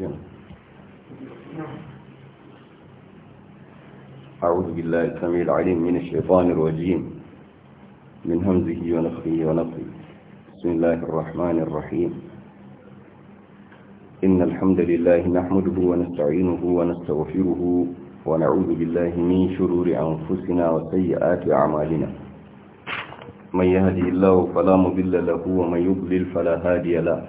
الجن أعوذ بالله السميع العليم من الشيطان الرجيم من همزه ونفخه ونفخه بسم الله الرحمن الرحيم إن الحمد لله نحمده ونستعينه ونستغفره ونعوذ بالله من شرور أنفسنا وسيئات أعمالنا من يهدي الله فلا مضل له ومن يضلل فلا هادي له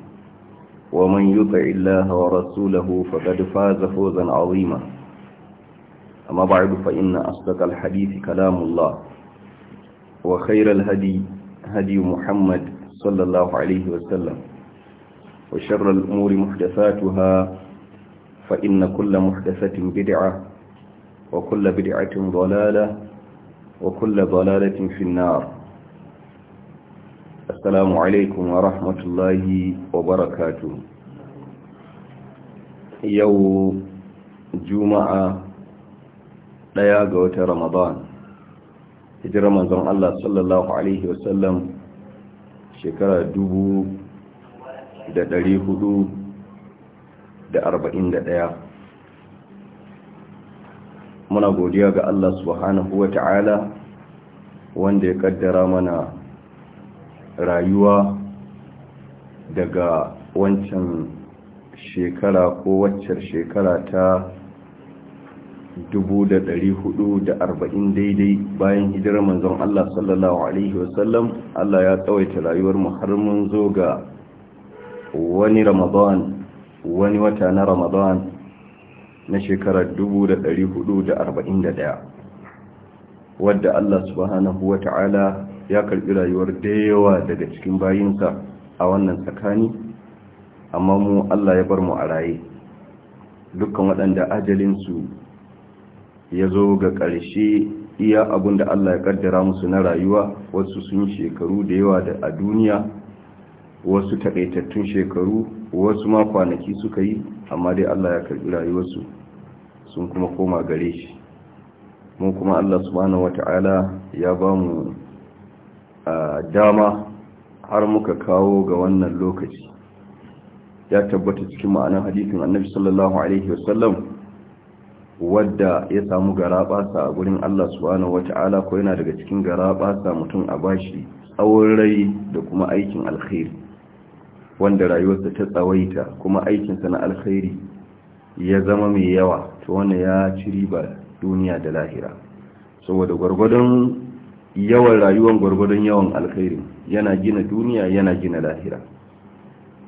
ومن يطع الله ورسوله فقد فاز فوزا عظيما أما بعد فإن أصدق الحديث كلام الله وخير الهدي هدي محمد صلى الله عليه وسلم وشر الأمور محدثاتها فإن كل محدثة بدعة وكل بدعة ضلالة وكل ضلالة في النار assalamu alaikum wa rahmatullahi wa barakatu yau juma'a ɗaya ga wata ramadan ita Manzon allah sallallahu alaihi wasallam shekara dubu da dari hudu da arba'in da daya muna godiya ga allah subhanahu wa ta'ala wanda ya kaddara mana rayuwa daga wancan shekara ko waccar shekara ta arba'in daidai bayan hijirar manzon Allah sallallahu alaihi wasallam Allah ya tsawaita rayuwar mu har mun zo ga wani Ramadan wani wata na Ramadan na shekarar daya wadda Allah subhanahu ta'ala ya karbi rayuwar da yawa daga cikin bayinsa a wannan tsakani amma mu Allah ya bar mu a raye dukkan waɗanda ajalinsu ya zo ga ƙarshe iya abin da Allah ya ƙaddara musu na rayuwa wasu sun shekaru da yawa da a duniya wasu taƙaitattun shekaru wasu ma kwanaki suka yi amma dai Allah ya karɓi rayuwarsu sun kuma koma gare shi mu kuma Allah subhanahu wata'ala ya ba mu dama har muka kawo ga wannan lokaci ya tabbata cikin ma'anar hadithin annabi sallallahu alaihi wasallam wadda ya samu garaɓasa a gurin Allah subhanahu wata'ala ko yana daga cikin garaɓasa mutum a bashi tsawon rai da kuma aikin alkhairi wanda rayuwarsa ta tsawaita kuma aikinsa na alkhairi ya zama mai yawa to wannan ya ci riba duniya da lahira saboda gwargwadon yawan rayuwan gwargwadon yawan alkhairi yana gina duniya yana gina lahira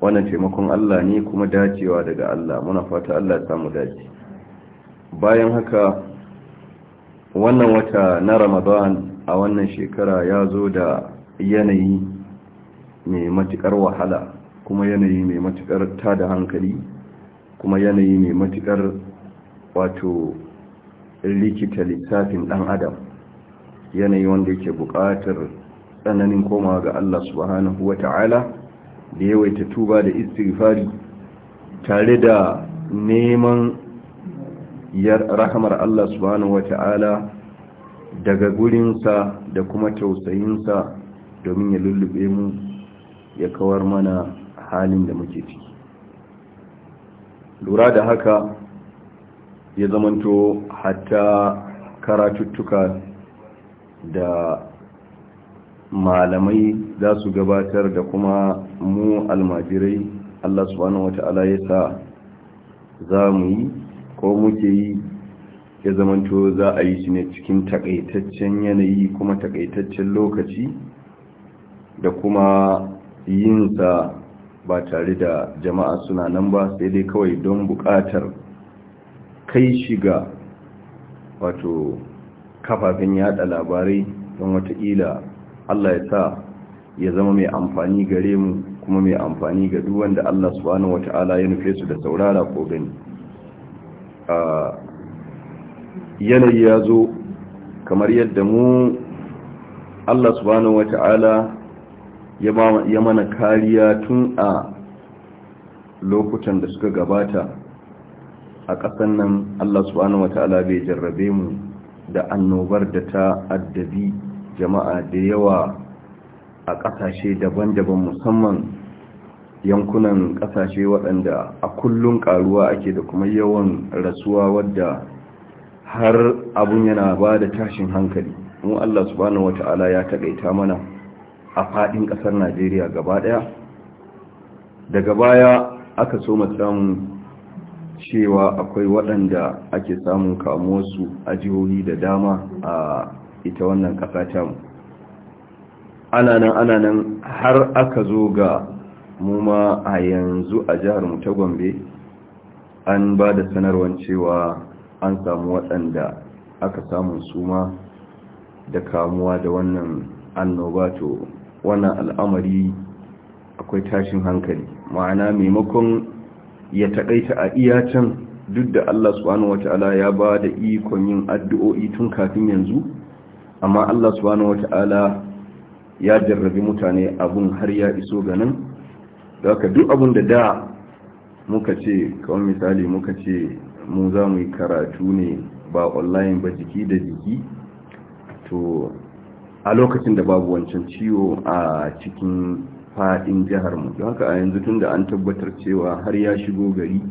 wannan taimakon Allah ne kuma dacewa daga Allah muna fata Allah ya samu dace bayan haka wannan wata na Ramadan a wannan shekara ya zo da yanayi mai matukar wahala kuma yanayi mai matukar tada hankali kuma yanayi mai matukar wato likita littafin dan adam yanayi wanda yake buƙatar tsananin komawa ga Allah subhanahu wa ta'ala da yawaita tuba da istighfari tare da neman rahamar Allah subhanahu wa ta'ala daga gurinsa da kuma tausayinsa domin ya lullube mu ya kawar mana halin da muke ciki lura da haka ya zamanto hatta karatuttuka da malamai za su gabatar da kuma mu almajirai Allah subhanahu wata'ala ya sa za mu yi ko muke yi ya zamanto za a yi shi ne cikin takaitaccen yanayi kuma takaitaccen lokaci da kuma yinsa ba tare da jama'a suna nan ba sai dai kawai don buƙatar kai shiga wato kafafen yada labarai don watakila Allah ya sa ya zama mai amfani gare mu kuma mai amfani ga duwan da Allah subhanahu wata'ala ya nufe su da saurara ko gani yanayi ya zo kamar yadda mu Allah subhanahu wata'ala ya mana kariya tun a lokutan da suka gabata a ƙasan nan Allah subhanahu wata'ala bai jarrabe mu da annobar da ta addabi jama'a da yawa a ƙasashe daban-daban musamman yankunan ƙasashe waɗanda a kullum ƙaruwa ake da kuma yawan rasuwa wadda har abun yana ba da tashin hankali mu Allah subhanahu wata'ala ya taƙaita mana a faɗin ƙasar Najeriya gaba ɗaya daga baya aka so mu samu cewa akwai waɗanda ake samun su a jihohi da dama a ita wannan ƙasa mu? ana nan ana nan har aka zo ga mu ma a yanzu a jihar mu ta gombe an ba da sanarwar cewa an samu waɗanda aka samun suma da kamuwa da wannan annoba to wannan al'amari akwai tashin hankali ma'ana maimakon ya taƙaita a iyacin duk da Allah subhanahu wata'ala ya ba da ikon yin addu'o'i tun kafin yanzu amma Allah subhanahu wata'ala ya jarrabi mutane abun har ya iso ganin da duk abun da da muka ce kawai misali muka ce mu za mu yi karatu ne ba online ba jiki da jiki to a lokacin da babu wancan ciwo a cikin faɗin jihar mu don haka a yanzu tun da an tabbatar cewa har ya shigo gari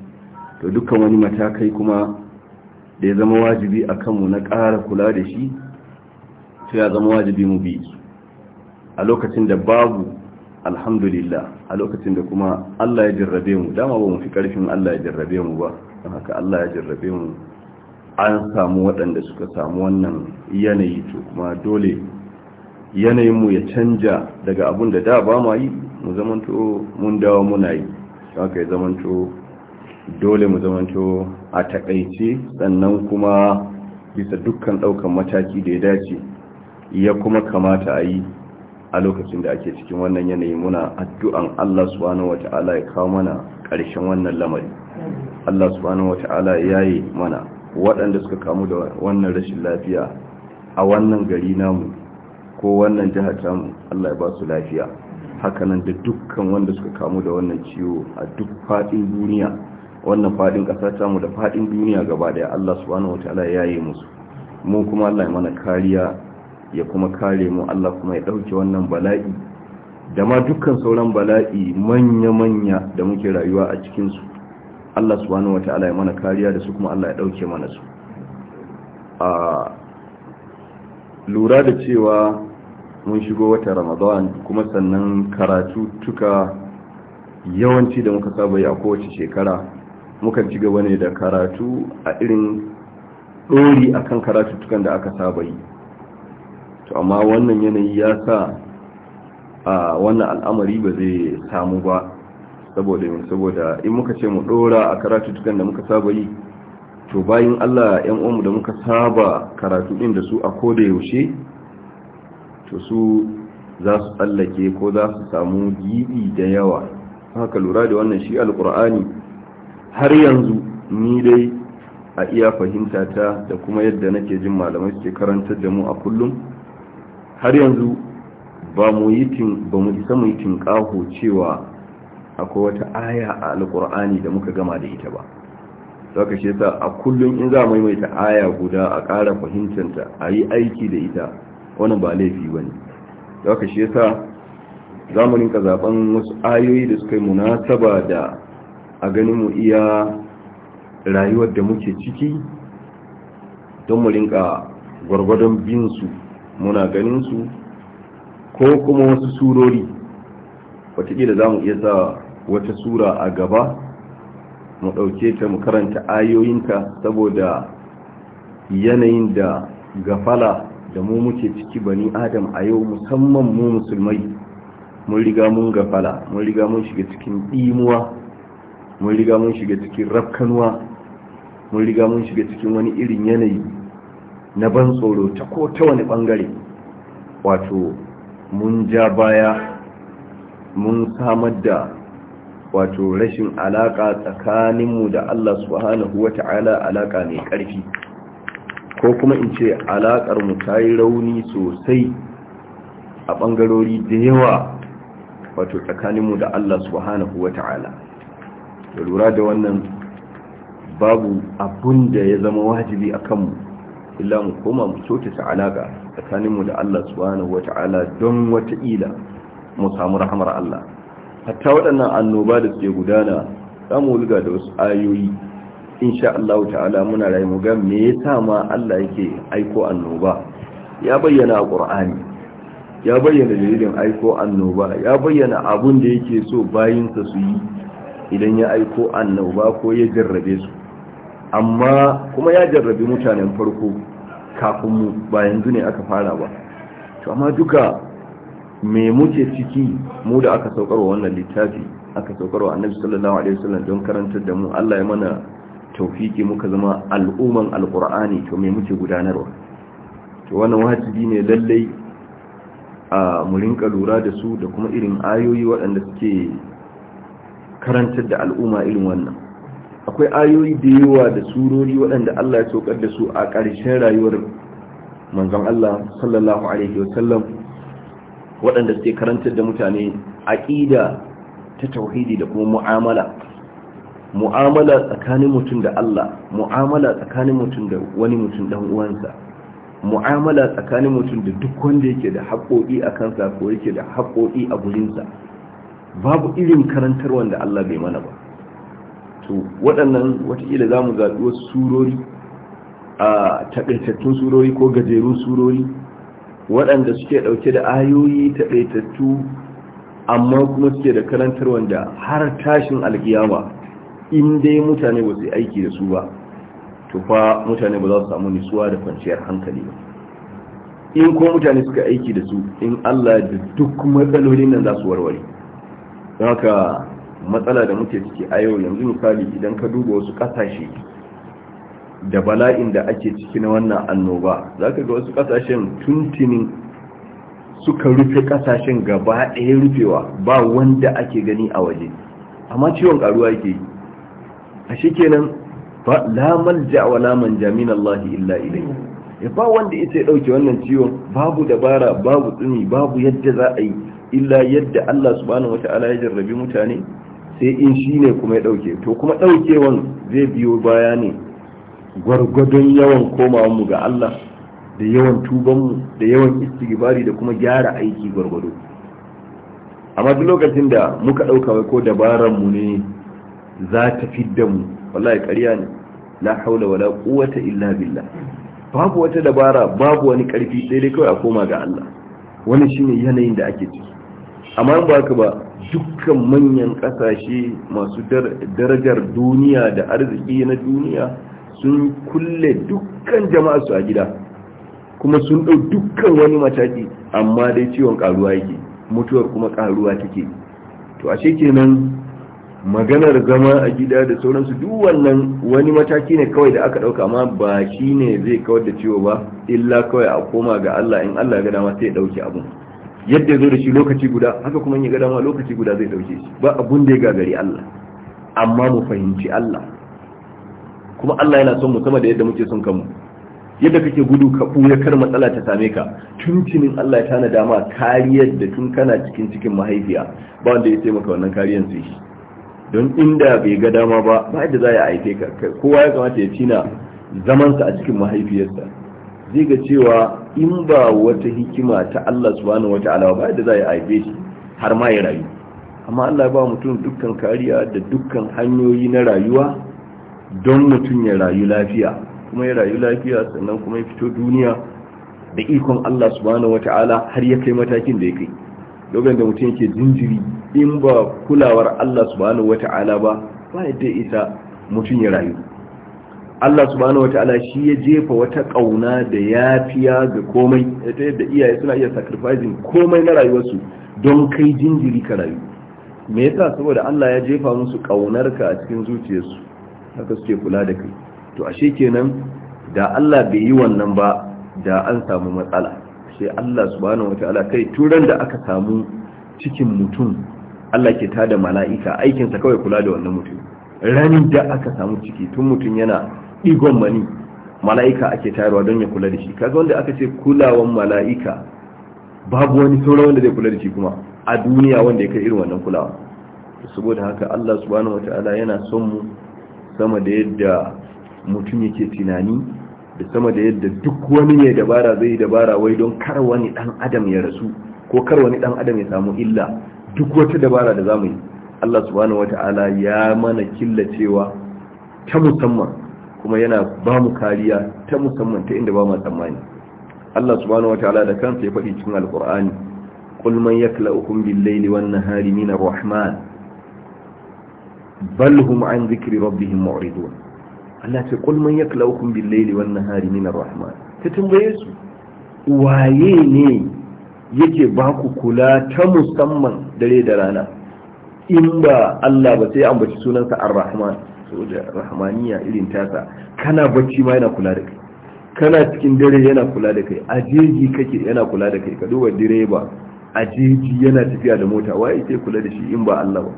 to dukkan wani matakai kuma da ya zama wajibi a kanmu na ƙara kula da shi to ya zama wajibi mu bi a lokacin da babu alhamdulillah a lokacin da kuma Allah ya jarrabe mu dama ba mu fi ƙarfin Allah ya jarrabe mu ba don haka Allah ya jarrabe mu an samu waɗanda suka samu wannan yanayi to kuma dole yanayin mu ya canja daga abin da da ba ma yi mu zamanto mun dawo muna yi haka ya zamanto dole mu zamanto a takaice sannan kuma bisa dukkan daukan mataki da ya dace ya kuma kamata a yi a lokacin da ake cikin wannan yanayi muna addu'an Allah subhanahu wata'ala ya kawo mana ƙarshen wannan lamari Allah subhanahu wata'ala ya yi mana waɗanda suka kamu da wannan rashin lafiya a wannan gari namu ko wannan jihar tamu Allah ya ba su lafiya hakanan da dukkan wanda suka kamu da wannan ciwo a duk fadin duniya wannan fadin ƙasa tamu da fadin duniya gaba daya Allah subhanahu wataala ya yi musu mu kuma Allah ya mana kariya ya kuma kare mu Allah kuma ya dauke wannan bala'i da ma dukkan sauran bala'i manya-manya da muke rayuwa a cikin su Allah subhanahu wataala ya mana kariya da su kuma Allah ya dauke mana su a ah, lura da cewa mun shigo wata ramadan kuma sannan karatu tuka yawanci da muka saba yi a kowace shekara mukan ci gaba ne da karatu a irin ɗori akan karatu tukan da aka saba yi to amma wannan yanayi ya sa a wannan al'amari ba zai samu ba saboda min saboda in muka ce mu ɗora a karatu tukan da muka saba yi to bayan allah 'yan uwanmu da muka saba karatu ɗin da su a koda yaushe to su za su tsallake ko za su samu gibi da yawa haka lura da wannan shi alkur'ani har yanzu ni dai a iya fahimta ta da kuma yadda nake jin malamai suke karantar da mu a kullum har yanzu ba mu yi ba mu isa mu yi kaho cewa akwai wata aya a alkur'ani da muka gama da ita ba saka shi yasa a kullum in za mu maimaita aya guda a ƙara fahimtanta a yi aiki da ita wannan ba laifi ba ne da shi yasa zamanin ka zaben wasu ayoyi da suka yi munasaba da a ganin mu iya rayuwar da muke ciki don mu rinka gwargwadon binsu su muna ganin su ko kuma wasu surori Wataƙila za mu iya sa wata sura a gaba mu ɗauke ta mu karanta ayoyinta saboda yanayin da gafala da mu muke ciki bani adam a yau musamman mu musulmai mun riga mun gafala mun riga mun shiga cikin ɗimuwa mun riga mun shiga cikin rafkanuwa mun riga mun shiga cikin wani irin yanayi na ban tsoro ta ko ta wani bangare wato mun ja baya mun samar da wato rashin alaƙa tsakaninmu da allah subhanahu Ta'ala alaka ne ƙarfi ko kuma in ce alaƙar mu ta yi rauni sosai a ɓangarori da yawa wato tsakaninmu da Allah subhanahu wa ta'ala da lura da wannan babu abun da ya zama wajibi a kanmu illa mu koma mu kyautata alaƙa tsakaninmu da Allah subhanahu wa ta'ala don wataƙila mu samu rahamar Allah hatta waɗannan annoba da suke gudana za mu wulga da wasu ayoyi insha Allah ta'ala muna rai mu ga me yasa ma Allah yake aiko annoba ya bayyana a Qur'ani ya bayyana dalilin aiko annoba ya bayyana abun da yake so bayinsa su yi idan ya aiko annoba ko ya jarrabe su amma kuma ya jarrabe mutanen farko kafin mu ba yanzu ne aka fara ba to amma duka me muke ciki mu da aka saukar wa wannan littafi aka saukar wa annabi sallallahu alaihi wasallam don karantar da mu Allah ya mana taufiki muka zama al'umman alkur'ani to me muke gudanarwa to wannan wajibi ne lallai a murinka lura da su da kuma irin ayoyi waɗanda suke karantar da al'umma irin wannan akwai ayoyi da yawa da surori waɗanda Allah ya saukar da su a ƙarshen rayuwar manzon Allah sallallahu alaihi wasallam waɗanda suke karantar da mutane aƙida ta tauhidi da kuma mu'amala mu'amala tsakanin mutum da Allah mu'amala tsakanin mutum da wani mutum dan uwansa mu'amala tsakanin mutum da duk wanda yake da haƙoƙi a kansa ko yake da haƙoƙi a gurinsa babu irin karantar wanda Allah bai mana ba to waɗannan watakila za mu zaɓi wasu surori a taƙaitattun surori ko gajerun surori waɗanda suke ɗauke da ayoyi taƙaitattu amma kuma suke da karantar wanda har tashin alƙiyama in dai mutane ba su aiki da su ba to fa mutane ba za su samu nisuwa da kwanciyar hankali ba in ko mutane suka aiki da su in Allah da duk matsalolin nan za su warware haka matsala da muke ciki a yau yanzu misali idan ka duba wasu kasashe da bala'in da ake ciki na wannan annoba za ka ga wasu kasashen tuntunin suka rufe kasashen gaba ɗaya rufewa ba wanda ake gani a waje amma ciwon karuwa yake yi a kenan fa la malja wa la manja Allah illa ilayhi ba wanda ita ya dauke wannan ciwon babu dabara babu tsini babu yadda za a yi illa yadda Allah subhanahu wataala ya jarrabi mutane sai in shi ne kuma ya ɗauke. to kuma daukewan zai biyo baya ne gwargwadon yawan komawan mu ga Allah da yawan tubanmu da yawan istighfari da kuma gyara aiki gwargwado amma duk lokacin da muka dauka ko dabaran mu ne za ta da mu wallahi ƙarya ne la haula wala quwwata illa billah babu wata dabara babu wani ƙarfi sai dai kawai a koma ga Allah wani shine yanayin da ake ciki amma ba ka ba dukkan manyan kasashe masu darajar duniya da arziki na duniya sun kulle dukkan jama'a su a gida kuma sun ɗau dukkan wani mataki amma dai ciwon karuwa yake mutuwar kuma karuwa take to ashe kenan maganar zama a gida da sauransu duk wannan wani mataki ne kawai da aka ɗauka amma ba shi ne zai kawar da ciwo ba illa kawai a koma ga Allah in Allah ya gada ma sai ya dauke abun yadda zo da shi lokaci guda haka kuma in ya gada ma lokaci guda zai dauke shi ba abun da ya gagari Allah amma mu fahimci Allah kuma Allah yana son mu sama da yadda muke son kanmu yadda kake gudu ka ɓuya kar matsala ta same ka tuntunin Allah ya tana dama kariyar da tun kana cikin cikin mahaifiya ba wanda ya taimaka wannan kariyar su shi don inda bai ga dama ba ba yadda za ya aike ka kowa ya kamata ya cina zamansa a cikin mahaifiyarsa zai ga cewa in ba wata hikima ta Allah subhanahu wata'ala ba yadda za a aike shi har ma ya rayu amma Allah ba mutum dukkan kariya da dukkan hanyoyi na rayuwa don mutum ya rayu lafiya kuma ya rayu lafiya sannan kuma ya fito duniya da ikon Allah subhanahu wata'ala har ya kai matakin da ya kai lokacin da mutum yake jinjiri in ba kulawar Allah subhanahu wata'ala ba ba yadda isa mutum ya rayu Allah subhanahu wata'ala shi ya jefa wata kauna da yafiya ga komai ta yadda iyaye suna iya sacrificing komai na rayuwarsu don kai jinjiri ka rayu me yasa saboda Allah ya jefa musu kaunar ka a cikin zuciyarsu haka suke kula da kai to ashe kenan da Allah bai yi wannan ba da an samu matsala sai Allah subhanahu wataala kai turan da aka samu cikin mutum Allah ke tada mala'ika aikinsa kawai kula da wannan mutum rani da aka samu ciki tun mutum yana igon mani mala'ika ake tayarwa don ya kula da shi kaga wanda aka ce kulawan mala'ika babu wani sauran wanda zai kula da shi kuma a duniya wanda ya kai irin wannan kulawa saboda haka Allah subhanahu wataala yana son mu sama da yadda mutum yake tunani da sama da yadda duk wani mai dabara zai yi dabara wai don kar wani dan adam ya rasu ko kar wani dan adam ya samu illa duk wata dabara da zamu yi Allah subhanahu wata'ala ya mana killacewa ta musamman kuma yana ba mu kariya ta musamman ta inda ba mu tsammani Allah subhanahu wata'ala da kansa ya faɗi cikin alqur'ani qul man yakla'ukum bil-layli wan-nahari min rahman bal hum an dhikri rabbihim mu'ridun Allah ce kul man yaklaukum bil laili wan nahari min ar-rahman ta tambaye su waye ne yake ba ku kula ta musamman dare da rana in ba Allah ba sai ambaci sunansa ar-rahman saboda rahmaniya irin tasa kana bacci ma yana kula da kai kana cikin dare yana kula da kai Ajeji kake yana kula da kai ka duba direba ajeji yana tafiya da mota waye ke kula da shi in ba Allah ba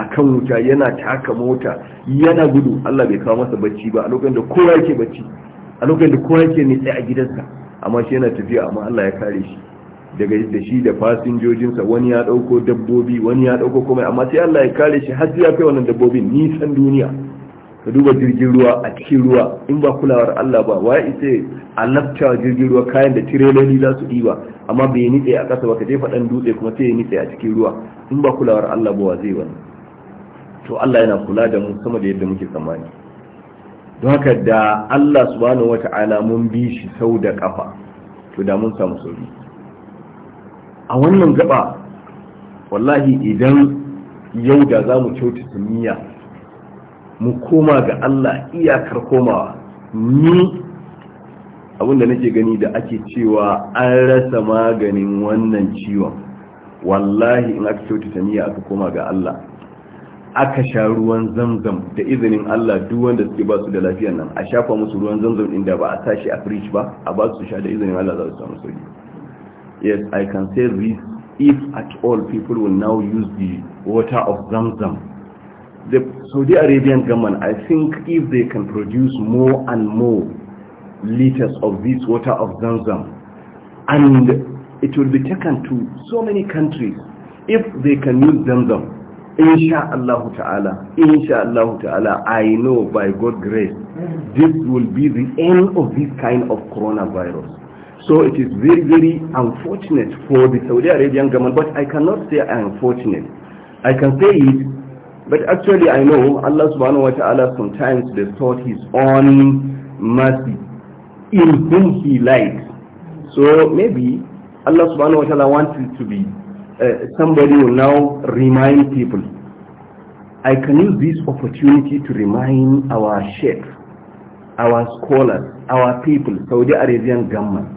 a kan wuta yana taka mota yana gudu Allah bai kawo masa bacci ba a lokacin da kowa yake bacci a lokacin da kowa yake nitsa a gidansa amma shi yana tafiya amma Allah ya kare shi daga da shi da fasinjojinsa wani ya dauko dabbobi wani ya dauko komai amma sai Allah ya kare shi har ya kai wannan dabbobin nisan duniya ka duba jirgin ruwa a cikin ruwa in ba kulawar Allah ba wa ita a lafta jirgin ruwa kayan da tireloli za su ɗiba amma bai nitse a kasa ba ka je faɗan dutse kuma sai ya nitse a cikin ruwa in ba kulawar Allah ba wa zai wani to Allah yana kula da mu sama da yadda muke tsammani don haka da Allah subhanahu wata'ala mun bi shi sau da kafa to da mun samu sauri a wannan gaba wallahi idan yau da za mu miya mu koma ga Allah iyakar komawa ni abinda nake gani da ake cewa an rasa maganin wannan ciwon wallahi in aka kyauta miya aka koma ga Allah aka sha ruwan zamzam da izinin Allah duk wanda suke ba su da nan a shafa musu ruwan zamzam inda ba a tashi a fridge ba a ba su sha da izinin Allah za su samu sauki yes i can say this if at all people will now use the water of zamzam the saudi arabian government i think if they can produce more and more liters of this water of zamzam and it will be taken to so many countries if they can use zamzam insha Allah ta'ala insha Allah ta'ala I know by God's grace this will be the end of this kind of coronavirus so it is very very unfortunate for the Saudi Arabian government but I cannot say I am fortunate I can say it but actually I know Allah subhanahu wa ta'ala sometimes bestows his own mercy in whom he likes so maybe Allah subhanahu wa ta'ala wants it to be uh, somebody will now remind people. I can use this opportunity to remind our sheikh, our scholars, our people, Saudi Arabian government,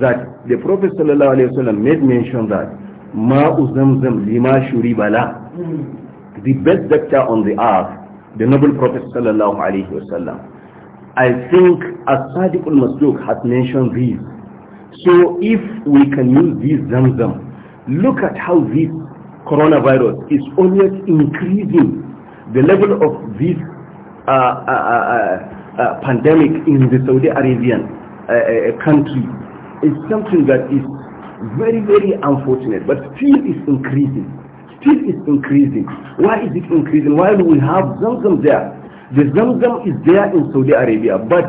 that the Prophet ﷺ made mention that Ma'u Zamzam Lima Shuri Bala, hmm. the best doctor on the earth, the noble Prophet ﷺ. I think as Sadiq al-Masduq has mentioned this. So if we can use this Zamzam look at how this coronavirus is always increasing the level of this uh, uh, uh, uh, uh pandemic in the Saudi Arabian country is something that is very, very unfortunate, but still is increasing. Still is increasing. Why is it increasing? Why do we have Zamzam there? The Zamzam is there in Saudi Arabia, but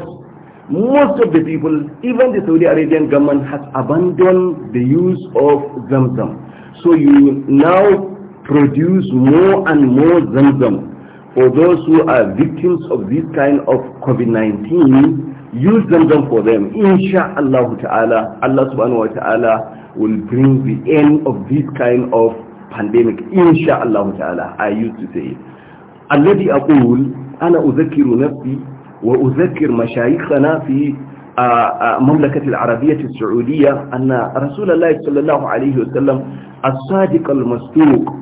most of the people, even the Saudi Arabian government has abandoned the use of Zamzam. So you now produce more and more Zamzam. For those who are victims of this kind of COVID-19, use Zamzam for them. Insha'Allah ta'ala, Allah subhanahu wa ta'ala will bring the end of this kind of pandemic. Insha'Allah ta'ala, I used to say. الذي أقول أنا أذكر نفسي وأذكر مشايخنا في المملكة آه، آه، العربية السعودية أن رسول الله صلى الله عليه وسلم الصادق المصدوق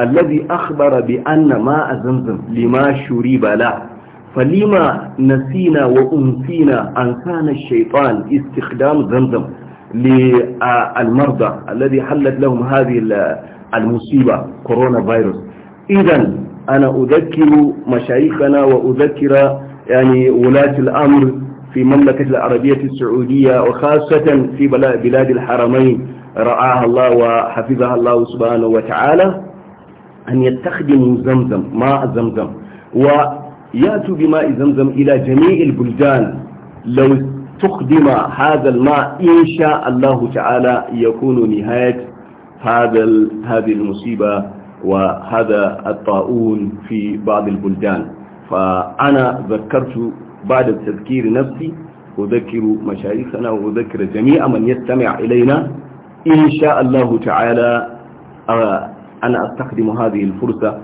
الذي أخبر بأن ماء زمزم لما شرب له فلما نسينا وأنسينا أن كان الشيطان استخدام زمزم للمرضى الذي حلت لهم هذه المصيبة كورونا فيروس إذا أنا أذكر مشايخنا وأذكر يعني ولاة الأمر في المملكة العربية السعودية وخاصة في بلاد الحرمين رعاها الله وحفظها الله سبحانه وتعالى أن يتخدموا زمزم ماء زمزم ويأتوا بماء زمزم إلى جميع البلدان لو تخدم هذا الماء إن شاء الله تعالى يكون نهاية هذا هذه المصيبة وهذا الطاعون في بعض البلدان فأنا ذكرت بعد تذكير نفسي أذكر مشايخنا وأذكر جميع من يستمع إلينا إن شاء الله تعالى أنا أستخدم هذه الفرصة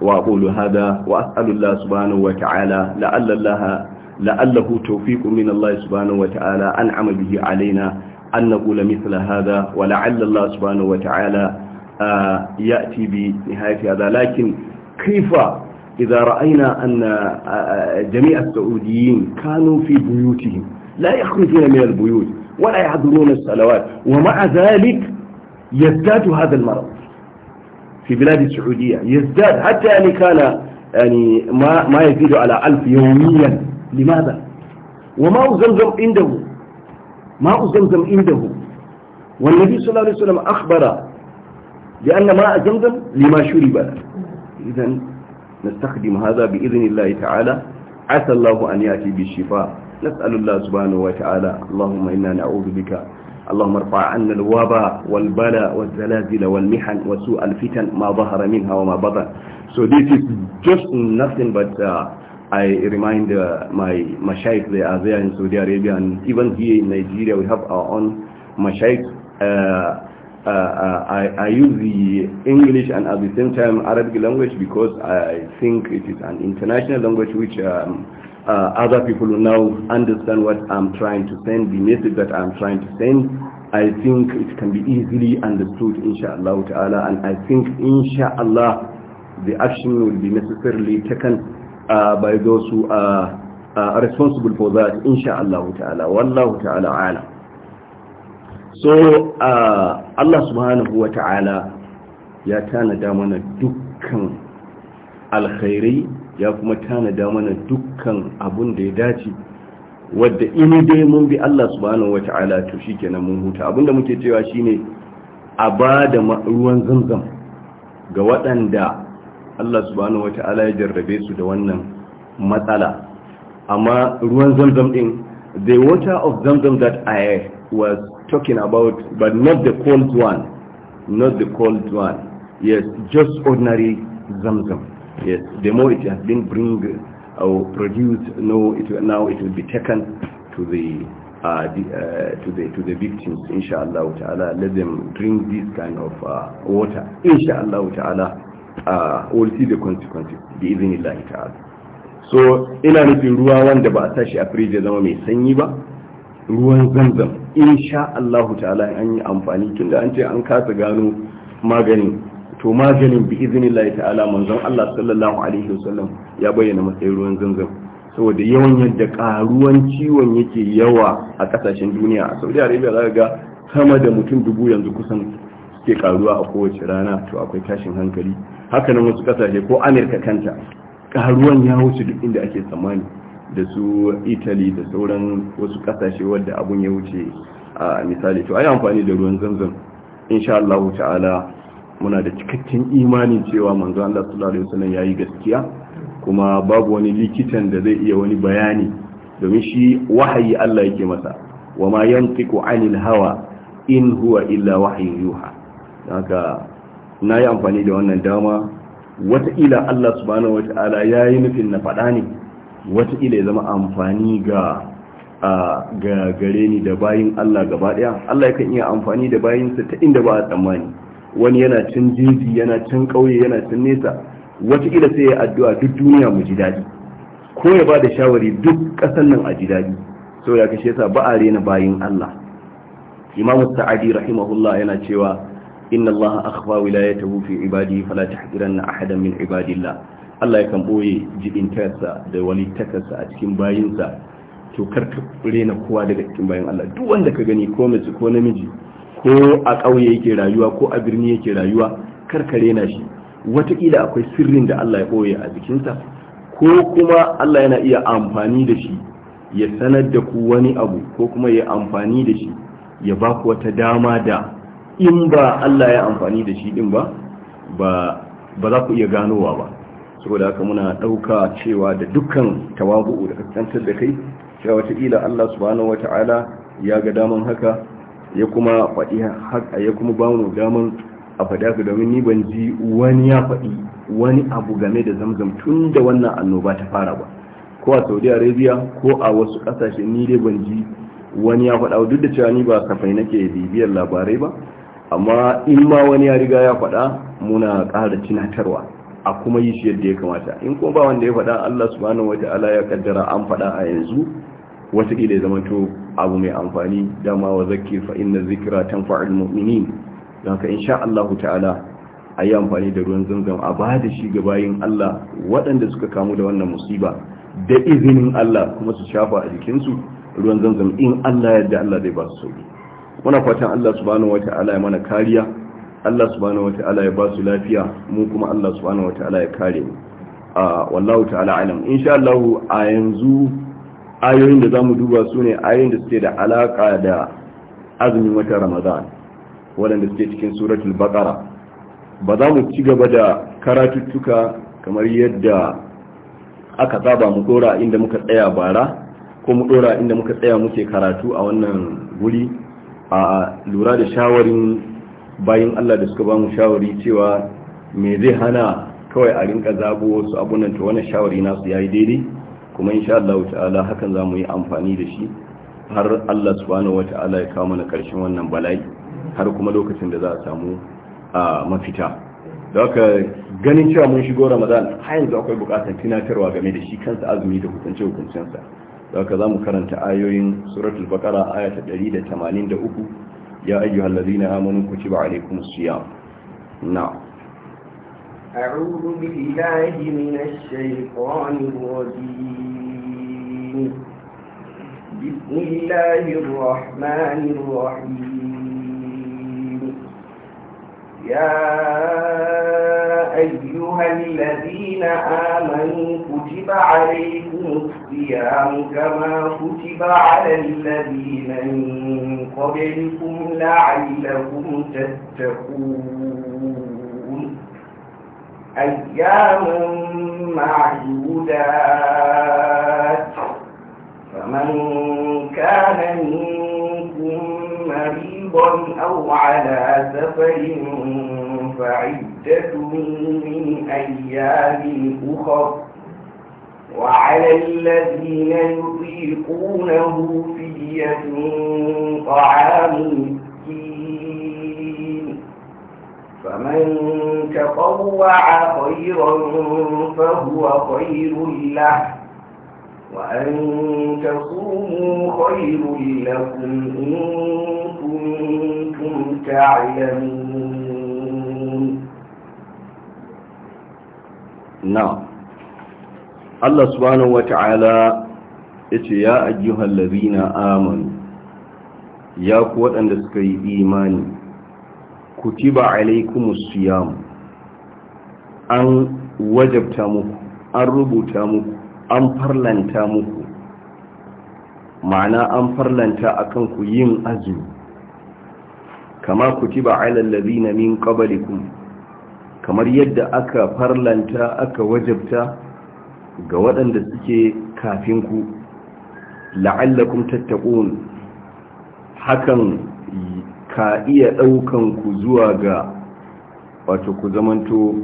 وأقول هذا وأسأل الله سبحانه وتعالى لعل الله لعله توفيق من الله سبحانه وتعالى أنعم به علينا أن نقول مثل هذا ولعل الله سبحانه وتعالى يأتي بنهاية هذا لكن كيف إذا رأينا أن جميع السعوديين كانوا في بيوتهم لا يخرجون من البيوت ولا يحضرون الصلوات ومع ذلك يزداد هذا المرض في بلاد السعودية يزداد حتى يعني كان يعني ما ما يزيد على ألف يوميا لماذا؟ وما أزمزم عنده ما أزمزم عنده والنبي صلى الله عليه وسلم أخبر بأن ماء زمزم لما شرب إذا نستخدم هذا بإذن الله تعالى عسى الله أن يأتي بالشفاء نسأل الله سبحانه وتعالى اللهم إنا نعوذ بك اللهم ارفع عنا الوباء والبلاء والزلازل والمحن وسوء الفتن ما ظهر منها وما بطن so this is just nothing but uh, I remind uh, my mashaykh they are there in Saudi Arabia and even here in Nigeria we have our own mashaykh uh, Uh, uh, I, I, use the English and at the same time Arabic language because I think it is an international language which um, uh, other people will now understand what I'm trying to send, the message that I'm trying to send. I think it can be easily understood, inshallah ta'ala, and I think, inshallah, the action will be necessarily taken uh, by those who are uh, responsible for that, inshallah ta'ala, wallahu ta'ala a'lam. so uh, Allah subhanahu wa ta'ala ya tanada mana dukkan alkhairai ya kuma tanada mana dukkan abun da ya dace wadda in dai mun bi Allah subhanahu wa ta'ala to shikenan mun huta abinda muke cewa shine a ba da ruwan zamzam ga waɗanda Allah subhanahu wa ta'ala ya jarrabe su da wannan matsala amma ruwan zamzam din the water of zamzam that I was talking about, but not the cold one. Not the cold one. Yes, just ordinary zamzam. Yes, the more it has been bring uh, or produced, no, it will, now it will be taken to the, uh, the uh, to the to the victims. Inshallah, ta'ala, let them drink this kind of uh, water. Inshallah, ta'ala, uh, we'll see the consequences. Bi'idhnillahi ta'ala. So ina nufin ruwa wanda ba a tashi a firiji zama mai sanyi ba, ruwan zamzam insha Allahu ta'ala an yi amfani tunda an ce an kasa gano maganin to maganin bi iznillahi ta'ala manzon Allah sallallahu alaihi wasallam ya bayyana matsayin ruwan zanzan saboda yawan yadda karuwan ciwon yake yawa a kasashen duniya a Saudi Arabia zaka ga kama da mutum dubu yanzu kusan ke karuwa a kowace rana to akwai tashin hankali haka nan wasu kasashe ko Amerika kanta karuwan ya wuce duk inda ake tsammani da su italy da sauran wasu kasashe wadda abun ya wuce a misali to ayi amfani da ruwan zamzam insha Allah ta'ala muna da cikakken imani cewa manzo Allah sallallahu alaihi wasallam yayi gaskiya kuma babu wani likitan da zai iya wani bayani domin shi wahayi Allah yake masa wa ma yantiqu anil hawa in huwa illa wahyu yuha haka nayi amfani da wannan dama wata ila Allah subhanahu wata'ala yayi nufin na fada ne wataƙila ya zama amfani ga ga gare ni da bayin Allah gaba daya Allah yakan iya amfani da bayinsa ta inda ba tsammani wani yana can jiji yana can kauye yana can nesa wataƙila sai ya addu'a duk duniya mu ji daɗi ko ya ba da shawari duk ƙasar nan a ji daɗi so ya kashe sa ba a rena bayin Allah imamu sa'adi rahimahullah yana cewa inna Allah akhfa wilayatahu fi ibadi fala tahqiranna ahadan min ibadillah Allah yakan boye tayarsa da wani takarsa a cikin bayinsa to kar ka rena kowa daga cikin bayan Allah duk wanda ka gani ko mace ko namiji ko a ƙauye yake rayuwa ko a birni yake rayuwa kar ka rena shi wataƙila akwai sirrin da Allah ya boye a jikinsa ko kuma Allah yana iya amfani da shi ya sanar da ku wani abu ko kuma ya amfani da shi ya ba ku wata dama da in ba Allah ya amfani da shi din ba ba za ku iya ganowa ba saboda haka muna ɗauka cewa da dukkan tawabu'u da kaskantar da kai cewa wataƙila Allah subhanahu wata'ala ya ga daman haka ya kuma faɗi haka ya kuma bamu daman a faɗi haka domin ni ban ji wani ya faɗi wani abu game da zamzam tun da wannan annoba ta fara ba ko a saudi arabia ko a wasu ƙasashe ni dai ban ji wani ya faɗa duk da cewa ni ba kafai nake bibiyar labarai ba amma in ma wani ya riga ya faɗa muna ƙara tunatarwa a kuma yi shi yadda ya kamata in kuma ba wanda ya faɗa Allah subhanahu wata'ala ya kaddara an faɗa a yanzu wataƙila ya zama to abu mai amfani dama wa zakki fa inna zikra tanfa'ul mu'minin don haka insha Allah ta'ala a yi amfani da ruwan zamzam a ba da shi ga bayin Allah waɗanda suka kamu da wannan musiba da izinin Allah kuma su shafa a jikinsu ruwan zamzam in Allah yadda Allah zai ba su sauki muna fatan Allah subhanahu wata'ala ya mana kariya Allah subhanahu ta'ala ya ba su lafiya mu kuma Allah subhanahu ta'ala ya kare mu a wallahu ta'ala alam insha Allah a yanzu ayoyin da zamu duba su ne ayoyin da suke da alaka da azumin wata Ramadan waɗanda suke cikin suratul baqara ba za mu ci gaba da karatuttuka kamar yadda aka saba mu dora inda muka tsaya bara ko mu dora inda muka tsaya muke karatu a wannan guri a lura da shawarin bayan Allah da suka ba mu shawari cewa me zai hana kawai a rinka zabo wasu abunan to wannan shawari nasu ya yi daidai kuma insha Allah ta'ala hakan za mu yi amfani da shi har Allah subhanahu ta'ala ya kawo mana karshen wannan bala'i har kuma lokacin da za a samu mafita da haka ganin cewa mun shigo Ramadan har yanzu akwai bukatar tunatarwa game da shi kansa azumi da hukunce hukuncensa da haka mu karanta ayoyin suratul baqara aya ta 183 يا أيها الذين آمنوا كتب عليكم الصيام نعم أعوذ بالله من الشيطان الرجيم بسم الله الرحمن الرحيم يا أيها الذين آمنوا كتب عليكم الصيام كما كتب على الذين من قبلكم لعلكم تتقون أياما معدودات فمن كان منكم مريضا أو على سفر فعدة من أيام أخر وعلى الذين يطيقونه فدية طعام مسكين فمن تطوع خيرا فهو خير له وأن تصوموا خير لكم إن كنتم تعلمون na Allah subhanahu wata'ala yace ya ayyuhal ladina amanu ya ku wadanda suka yi imani kutiba alaikumus siyam an wajabta muku an rubuta muku an farlanta muku ma'ana an farlanta akan ku yin azumi kama kutiba alal ladina min qablikum kamar yadda aka farlanta aka wajabta ga waɗanda suke kafin ku la'allakum tattaqun hakan ka iya ɗaukan ku zuwa ga wato ku zamanto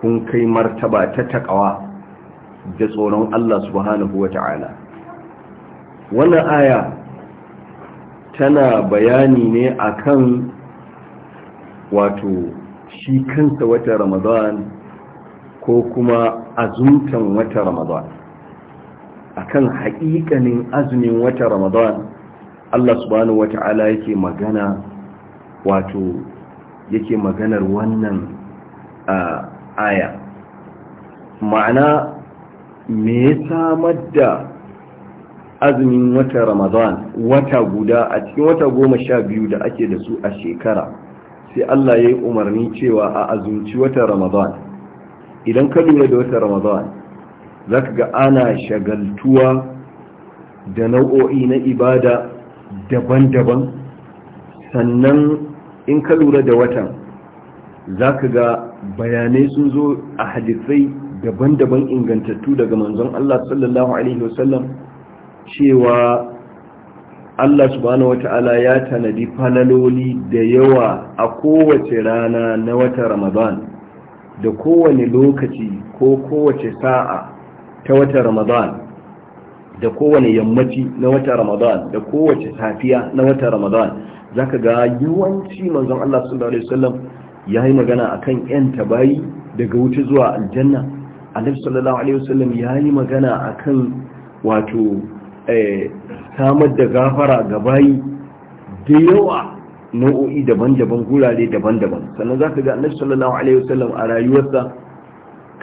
kun kai martaba ta takawa da tsoron Allah subhanahu wata'ala wannan aya tana bayani ne akan wato shi kansa wata ramadan ko kuma azumtan wata ramadan akan haƙiƙanin azumin wata ramadan Allah subhanahu wata'ala yake magana wato yake maganar wannan aya ma'ana me ya samar da azumin wata ramadan wata guda a cikin wata goma sha biyu da ake da su a shekara sai Allah ya yi umarni cewa a azumci wata ramadan idan ka lura da wata ramadan za ga ana shagaltuwa da nau'o'i na ibada daban-daban sannan in ka lura da watan za ga bayanai sun zo a hadisai daban-daban ingantattu daga manzon Allah sallallahu Alaihi wasallam cewa Allah subhanahu wata'ala ya tanadi falaloli da yawa a kowace rana na wata Ramadan da kowane lokaci ko kowace sa'a ta wata Ramadan da kowane yammaci na wata Ramadan da kowace safiya na wata Ramadan zaka ga yawanci manzon Allah sallallahu alaihi wasallam yayi magana akan yan tabayi daga wuce zuwa aljanna Annabi sallallahu alaihi wasallam yayi magana akan wato eh, samar da gafara ga bayi da yawa nau'o'i daban-daban gurare daban-daban sannan za ka ga annabi sallallahu alaihi wasallam a rayuwarsa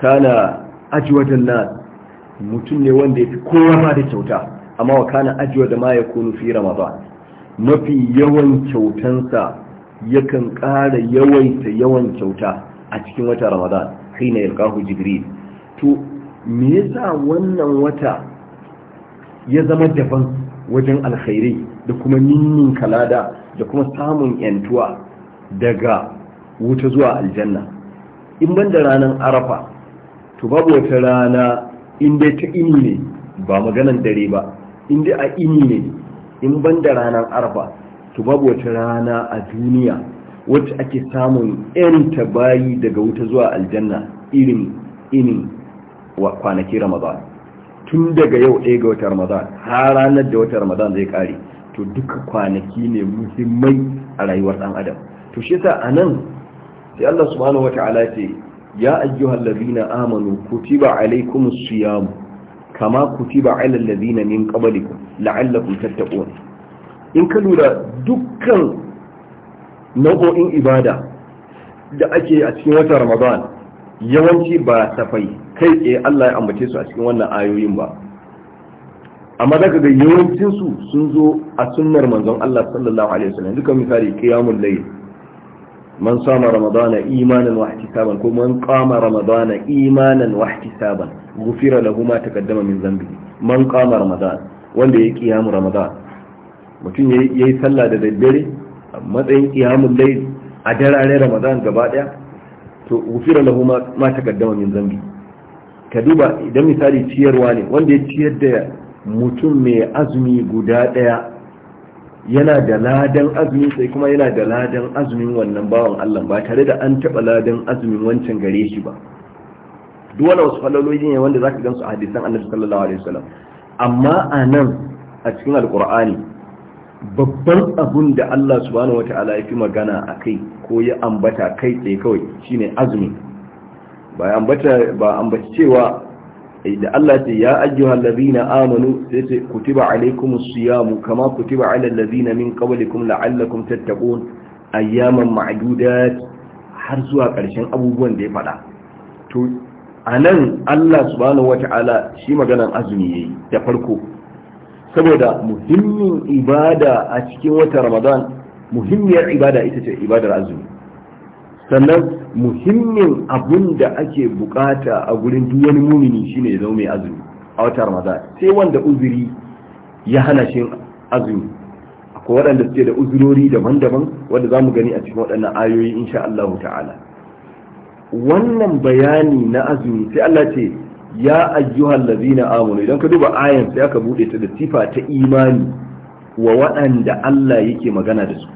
kana ajwadan nas mutum ne wanda ya fi kowa ba da kyauta amma wa kana ajwa da ma ya kunu fi ramadan mafi yawan kyautansa yakan ƙara yawaita yawan kyauta a cikin wata ramadan hina yalqahu jibril to me yasa wannan wata ya zama daban wajen alkhairai da kuma ninnin kalada da kuma samun yantuwa daga wuta zuwa aljanna in ban da ranar arafa to babu wata rana in ta ini ne ba maganan dare ba in a ini ne in ban da ranar arafa to babu wata rana a duniya wacce ake samun yanta bayi daga wuta zuwa aljanna irin inin kwanaki ramadan tun daga yau ɗaya ga watan ramadan har ranar da watan ramadan zai kare to duka kwanaki ne muhimmai a rayuwar ɗan adam to shi a nan sai Allah subhanahu wata'ala ce ya ayyuhal ladina amanu kutiba alaikumus siyam kama kutiba alal ladina min qablikum la'allakum tattaqun in ka lura dukkan nau'o'in ibada da ake a cikin watan ramadan yawanci ba safai kai tsaye Allah ya ambace su a cikin wannan ayoyin ba amma daga ga yawancin su sun zo a sunnar manzon Allah sallallahu alaihi wasallam duka misali qiyamul layl man sama ramadana imanan wa ihtisaban ko man qama ramadana imanan wa ihtisaban ghufira lahu ma taqaddama min dhanbi man qama ramadan wanda ya qiyamu ramadan mutum yayi sallah da daddare matsayin qiyamul layl a dararen ramadan gaba daya to ghufira lahu ma taqaddama min dhanbi ka duba idan misali ciyarwa ne wanda ya ciyar da mutum mai azumi guda ɗaya yana da ladan azumi sai kuma yana da ladan azumin wannan bawan Allah ba tare da an taɓa ladan azumin wancan gare shi ba duk wani wasu falaloli ne wanda zaka gan su a hadisan annabi sallallahu alaihi wasallam amma a nan a cikin alkur'ani babban abun da Allah subhanahu wataala ya fi magana a kai ko ya ambata kai tsaye kawai shine azumi ba ambata ambaci cewa eh, da Allah ce ya ayyuhal na amanu sai ce kutiba alaikumus siyamu kama kutiba alal ladina min qablikum la'allakum tattaqun ayyaman ma'dudat har zuwa ƙarshen abubuwan da ya faɗa to nan Allah subhanahu wata'ala shi maganan azumi yayi da farko saboda muhimmin ibada a cikin wata Ramadan muhimmiyar ibada ita ce ibadar azumi sannan muhimmin abun da ake bukata a gurin duk wani mumini shine ya zama mai azumi a wata ramadan sai wanda uzuri ya hana shi azumi akwai waɗanda suke da uzurori daban-daban wanda za mu gani a cikin waɗannan ayoyi insha Allah ta'ala wannan bayani na azumi sai Allah ce ya ayyuhal ladina amanu idan ka duba ayan sai aka bude ta da sifa ta imani wa waɗanda Allah yake magana da su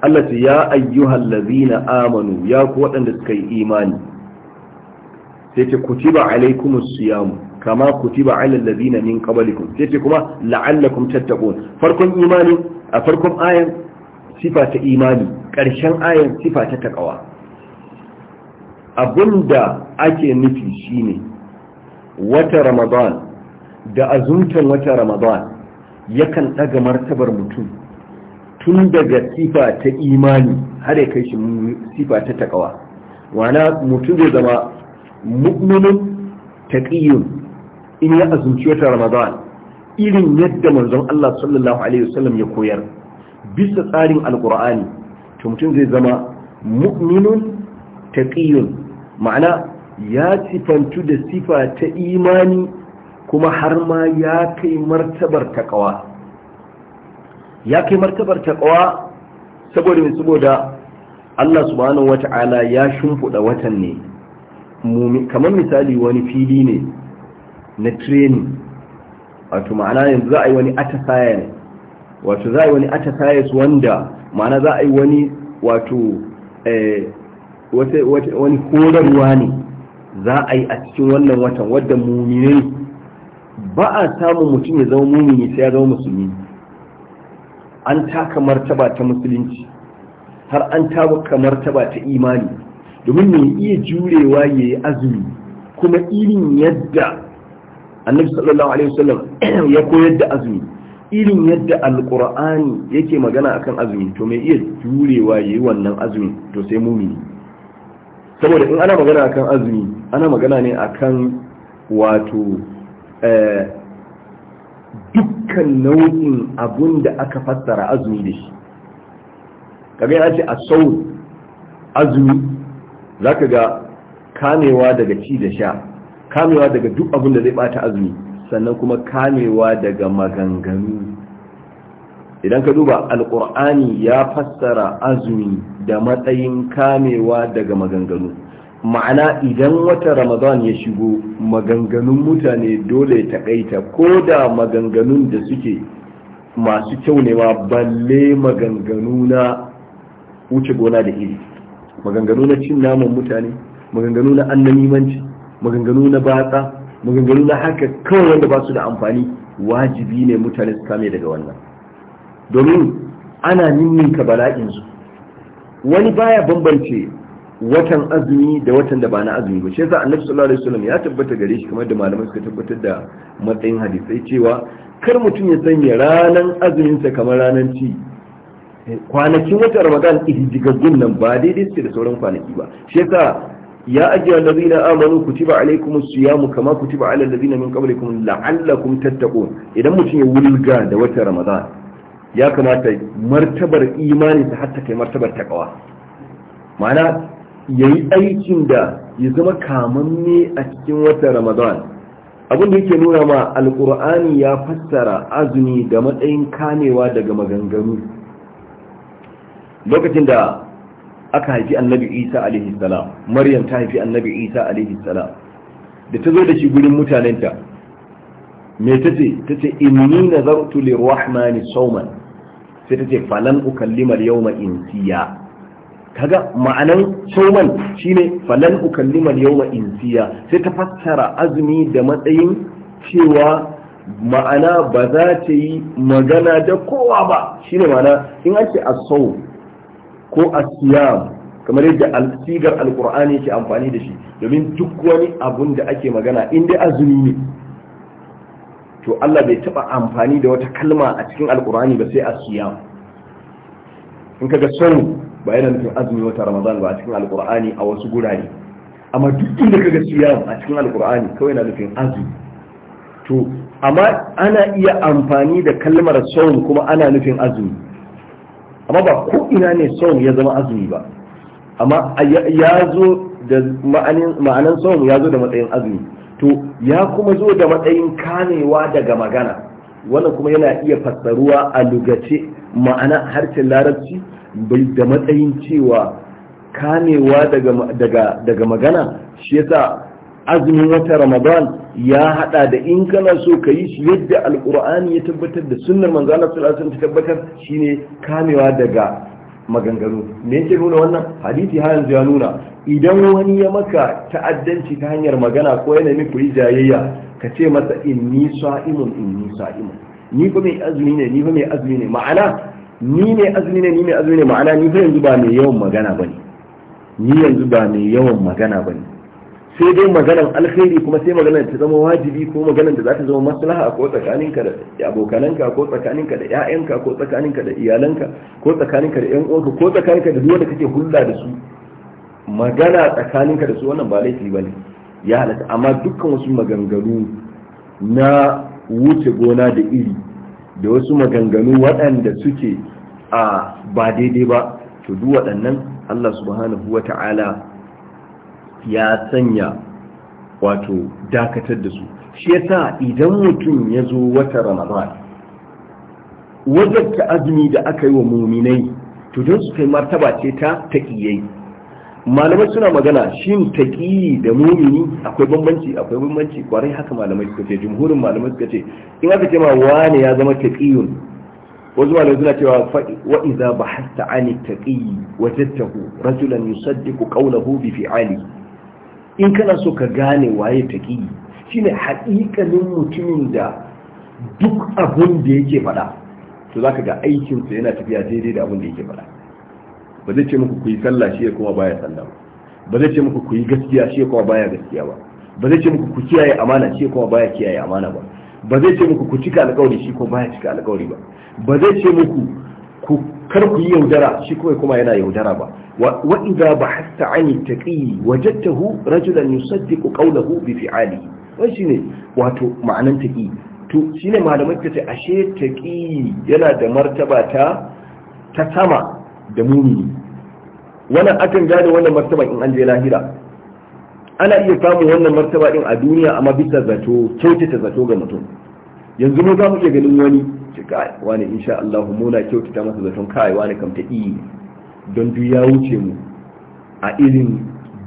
Allah ya ayyuhal lazina amanu ya ku waɗanda suka yi imani sai ce kutiba alaikumus siyamu kama kutiba alal lazina min qablikum sai ce kuma la'allakum tattaqun farkon imani a farkon ayan sifa ta imani ƙarshen ayan sifa ta takawa abinda ake nufi shine wata ramadan da azumtan wata ramadan yakan ɗaga martabar mutum tun daga sifa ta imani har ya kai shi sifa ta takawa wana mutum zai zama mu'minin taqiyun in ya azumci wata ramadan irin yadda manzon Allah sallallahu alaihi wasallam ya koyar bisa tsarin alqur'ani to mutum zai zama mu'minun taqiyun ma'ana ya sifantu da sifa ta imani kuma har ma ya kai martabar ƙawa. ya kai martabar taqwa saboda mai saboda Allah subhanahu wata'ala ya shimfiɗa watan ne kamar misali wani fili ne na training wato ma'ana yanzu za a yi wani atasaya ne wato za a yi wani atasaya wanda ma'ana za a yi wani wato eh, wani horarwa ne za a yi a cikin wannan watan wadda muminai ba a samun mutum ya zama mumini sai ya zama musulmi an taka martaba ta musulunci har an taka martaba ta imani domin ne iya jurewa ya yi azumi kuma irin yadda annabi sallallahu alaihi wasallam ya koyar da azumi irin yadda alkur'ani yake magana akan azumi to mai iya jurewa ya yi wannan azumi to sai mumini saboda in ana magana akan azumi ana magana ne akan wato eh, dukkan nau'in abun da aka fassara azumi da shi kaga ya ce a sau azumi za ka ga kamewa daga ci da sha kamewa daga duk abun da zai bata azumi sannan kuma kamewa daga maganganu idan ka duba alkur'ani ya fassara azumi da matsayin kamewa daga maganganu ma'ana idan wata ramadan ya shigo maganganun mutane dole ya takaita ko da maganganun da suke masu kyau ne ma balle maganganu na wuce gona da iri maganganu na cin naman mutane maganganu na annamimanci maganganu na batsa maganganu na haka kawai wanda ba su da amfani wajibi ne mutane su kame daga wannan domin ana ninninka bala'insu wani baya bambance watan azumi da watan da ba na azumi ba shi yasa annabi sallallahu alaihi wasallam ya tabbata gare shi kamar da malamai suka tabbatar da matsayin hadisai cewa kar mutum ya sanya ranan azumin sa kamar ranan ci eh, kwanakin watan ramadan ihjigaggun nan ba daidai suke da sauran kwanaki ba shi yasa ya ajiya allazina amanu kutiba alaikumus siyamu kama kutiba ala ladina min qablikum la'allakum tattaqun idan mutum ya wulga da watan ramadan ya kamata martabar imani ta hatta kai martabar takawa ma'ana ya yi aikin da ya zama kamanne a cikin watan ramadan abinda yake nuna ma alkur'ani ya fassara azumi da matsayin kamewa daga maganganu lokacin da aka haifi annabi isa alaihi salam maryam ta haifi annabi isa alaihi salam da ta zo da shi gurin mutanenta me ta ce ta ce inni nazartu lirrahmani sauman sai ta ce falan ukallima yau yawma insiya kaga ma'anan soman shine falan ukallimal yawma insiya sai ta fassara azumi da matsayin cewa ma'ana ba za ta yi magana da kowa ba shine ma'ana in ake asau ko asiyam kamar yadda sigar alkur'ani ke amfani da shi domin duk wani abun da ake magana in dai azumi ne to Allah bai taba amfani da wata kalma a cikin alkur'ani ba sai asiyam in kaga sau ba yana nufin azumi wata ramadan ba a cikin alkur'ani a wasu gurare amma duk inda ga siyam a cikin alkur'ani kawai na nufin azumi to amma ana iya amfani da kalmar saum kuma ana nufin azumi amma ba ko ina ne saum ya zama azumi ba amma ya zo da ma'anan saum ya zo da matsayin azumi to ya kuma zo da matsayin kamewa daga magana wannan kuma yana iya fassaruwa a lugace ma'ana harshen larabci bai da matsayin cewa kamewa daga magana shi yasa azumin wata ramadan ya hada da in kana so ka yi shi yadda alkur'ani ya tabbatar da sunnar manzana Allah ta tabbatar shine kamewa daga maganganu me yake nuna wannan hadisi hayan yanzu nuna idan wani ya maka ta'addanci ta hanyar magana ko yana miki yi jayayya ka ce masa inni sa'imun inni sa'imun ni fa mai azumi ne ni fa mai azumi ne ma'ana ni ne azumi ne ni ne azumi ne ma'ana ni fa yanzu ba mai yawan magana bane ni yanzu ba mai yawan magana bane sai dai maganar alkhairi kuma sai maganar ta zama wajibi ko maganar da za ta zama maslaha ko tsakaninka da abokananka ko tsakaninka da ƴaƴanka ko tsakaninka da iyalanka ko tsakaninka da ƴan uwanka ko tsakaninka da duk wanda kake hulɗa da su magana tsakaninka da su wannan ba laifi bane ya halatta amma dukkan wasu maganganu na wuce gona da iri da wasu maganganu waɗanda suke a ba daidai ba to duk waɗannan Allah subhanahu wa ta'ala ya sanya wato dakatar da su shi yasa idan mutum ya zo wata ramadan wajen ta azumi da aka yi wa muminai to don su kai martaba ce ta taƙiyai malamai suna magana shin taƙi da mumini akwai bambanci akwai bambanci kwarai haka malamai suka ce jumhurin malamai suka ce in aka ce ma wane ya zama taƙiyun? wasu malamai suna cewa wa idza bahasta an taqi ku rajulan ƙauna qawluhu bi fi'ali in kana so ka gane waye taƙi shine haƙiƙanin mutumin da duk abin da yake faɗa to zaka ga aikinsa yana tafiya daidai da abin da yake faɗa ba zai ce muku ku yi sallah shi ya kuma baya sallah ba zai ce muku ku yi gaskiya shi ya kuma baya gaskiya ba ba zai ce muku ku kiyaye amana shi kuma baya kiyaye amana ba ba zai ce muku ku cika alƙawari shi kuma baya cika alƙawari ba ba zai ce muku ku kar ku yi yaudara shi kuma kuma yana yaudara ba wa idza bahatta an taqi wajadtahu rajulan yusaddiqu qawlahu bi fi'ali wai shine wato ma'anan taqi to shine malamai suka ce ashe taqi yana da martaba ta ta sama da mumini wannan akan gane wannan martaba in an je lahira ana iya samun wannan martaba din a duniya amma bisa zato kyautata zato ga mutum yanzu mu za mu iya ganin wani ce wani insha Allah mu na kyautata masa zaton kai wani kam ta yi don duk ya wuce mu a irin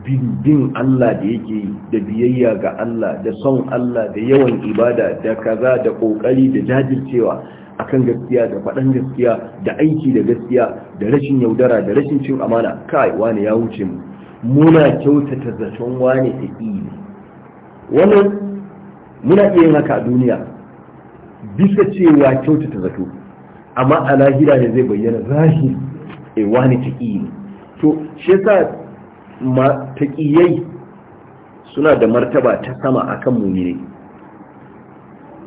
bin Allah da yake da biyayya ga Allah da son Allah da yawan ibada da kaza da kokari da jajircewa akan gaskiya da faɗan gaskiya da aiki da gaskiya da rashin yaudara da rashin cin amana kai wani ya wuce mu muna kyautata zaton wani da ne wannan muna iya yin haka a duniya bisa cewa kyautata zato amma a lahira ne zai bayyana zahiri eh wani ta ne to shi yasa ma taqiyai suna da martaba ta sama akan mu ne.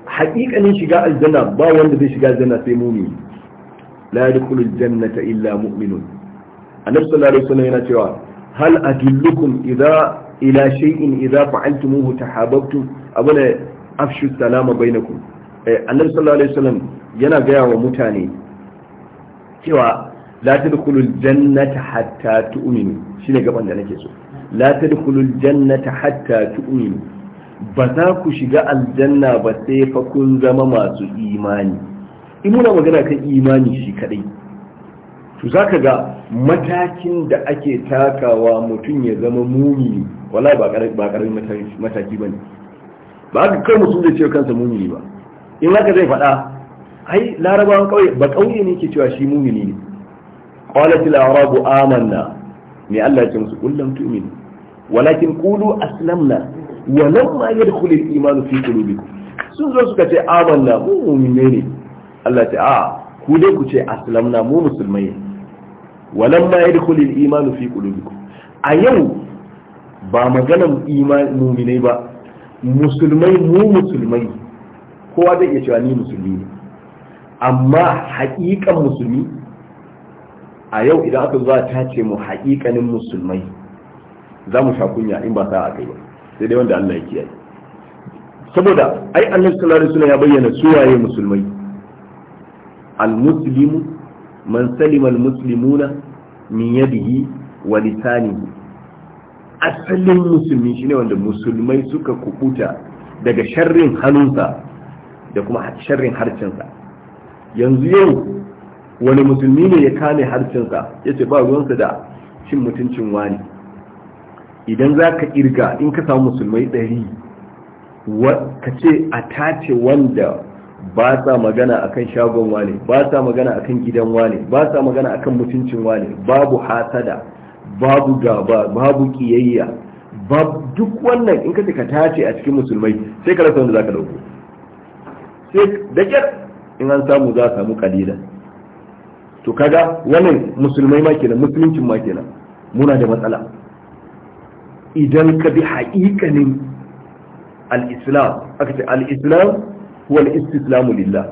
haƙiƙanin shiga aljanna ba wanda zai shiga aljanna sai mumi la yadkhulu aljannata illa mu'minun annabi sallallahu alaihi wasallam yana cewa hal adullukum idza ila shay'in idza fa'altumuhu tahabbtum abana afshu salama bainakum eh, annabi sallallahu alaihi wasallam yana gaya wa mutane cewa la tadkhulu aljannata hatta tu'minu shine gaban da nake so la tadkhulu aljannata hatta tu'minu ba za ku shiga aljanna ba sai fa kun zama masu imani in muna magana kan imani shi kadai to zaka ga matakin da ake takawa mutum ya zama mumini wallahi ba karin mataki bane ba ka kai mutum zai ce kansa mumini ba in haka zai faɗa ai larabawan kauye ba kauye ne ke cewa shi mumini ne qalat al arabu amanna me Allah ya ce musu kullum lam tu'minu walakin qulu aslamna walam ma dukule imanu fi kulubi sun zo suka ce amanna mu mu'mine ne Allah ta a ku dai ku ce aslamna mu musulmai walam ma dukule imanu fi kulubi a yau ba maganan iman mu'mine ba musulmai mu musulmai kowa zai iya cewa ni musulmi ne amma haƙiƙan musulmi a yau idan aka zuwa ta ce mu haƙiƙanin musulmai za mu sha kunya in ba sa a kai ba sai dai wanda Allah ya kiyaye saboda ai annabi sallallahu alaihi ya bayyana suwaye musulmai Almuslimu muslimu man salima al-muslimuna min yadihi wa lisanihi asalin musulmi shine wanda musulmai suka kubuta daga sharrin hannunsa da kuma sharrin harcinsa yanzu yau wani musulmi ne ya kame harcinsa ya ce ba ruwansa da cin mutuncin wani idan za ka irga in ka samu musulmai ɗari ka ce a tace wanda ba sa magana akan shagon wane ba sa magana akan gidan wane ba sa magana akan mutuncin wane babu hasada babu gaba babu kiyayya babu duk wannan in ka ce ka tace a cikin musulmai sai ka rasa wanda za ka dauko sai da kyar in an samu za a samu kalila to kaga wannan musulmai ma kenan musuluncin ma kenan muna da matsala idan ka bi haƙiƙanin al-islam aka ce al huwa al lillah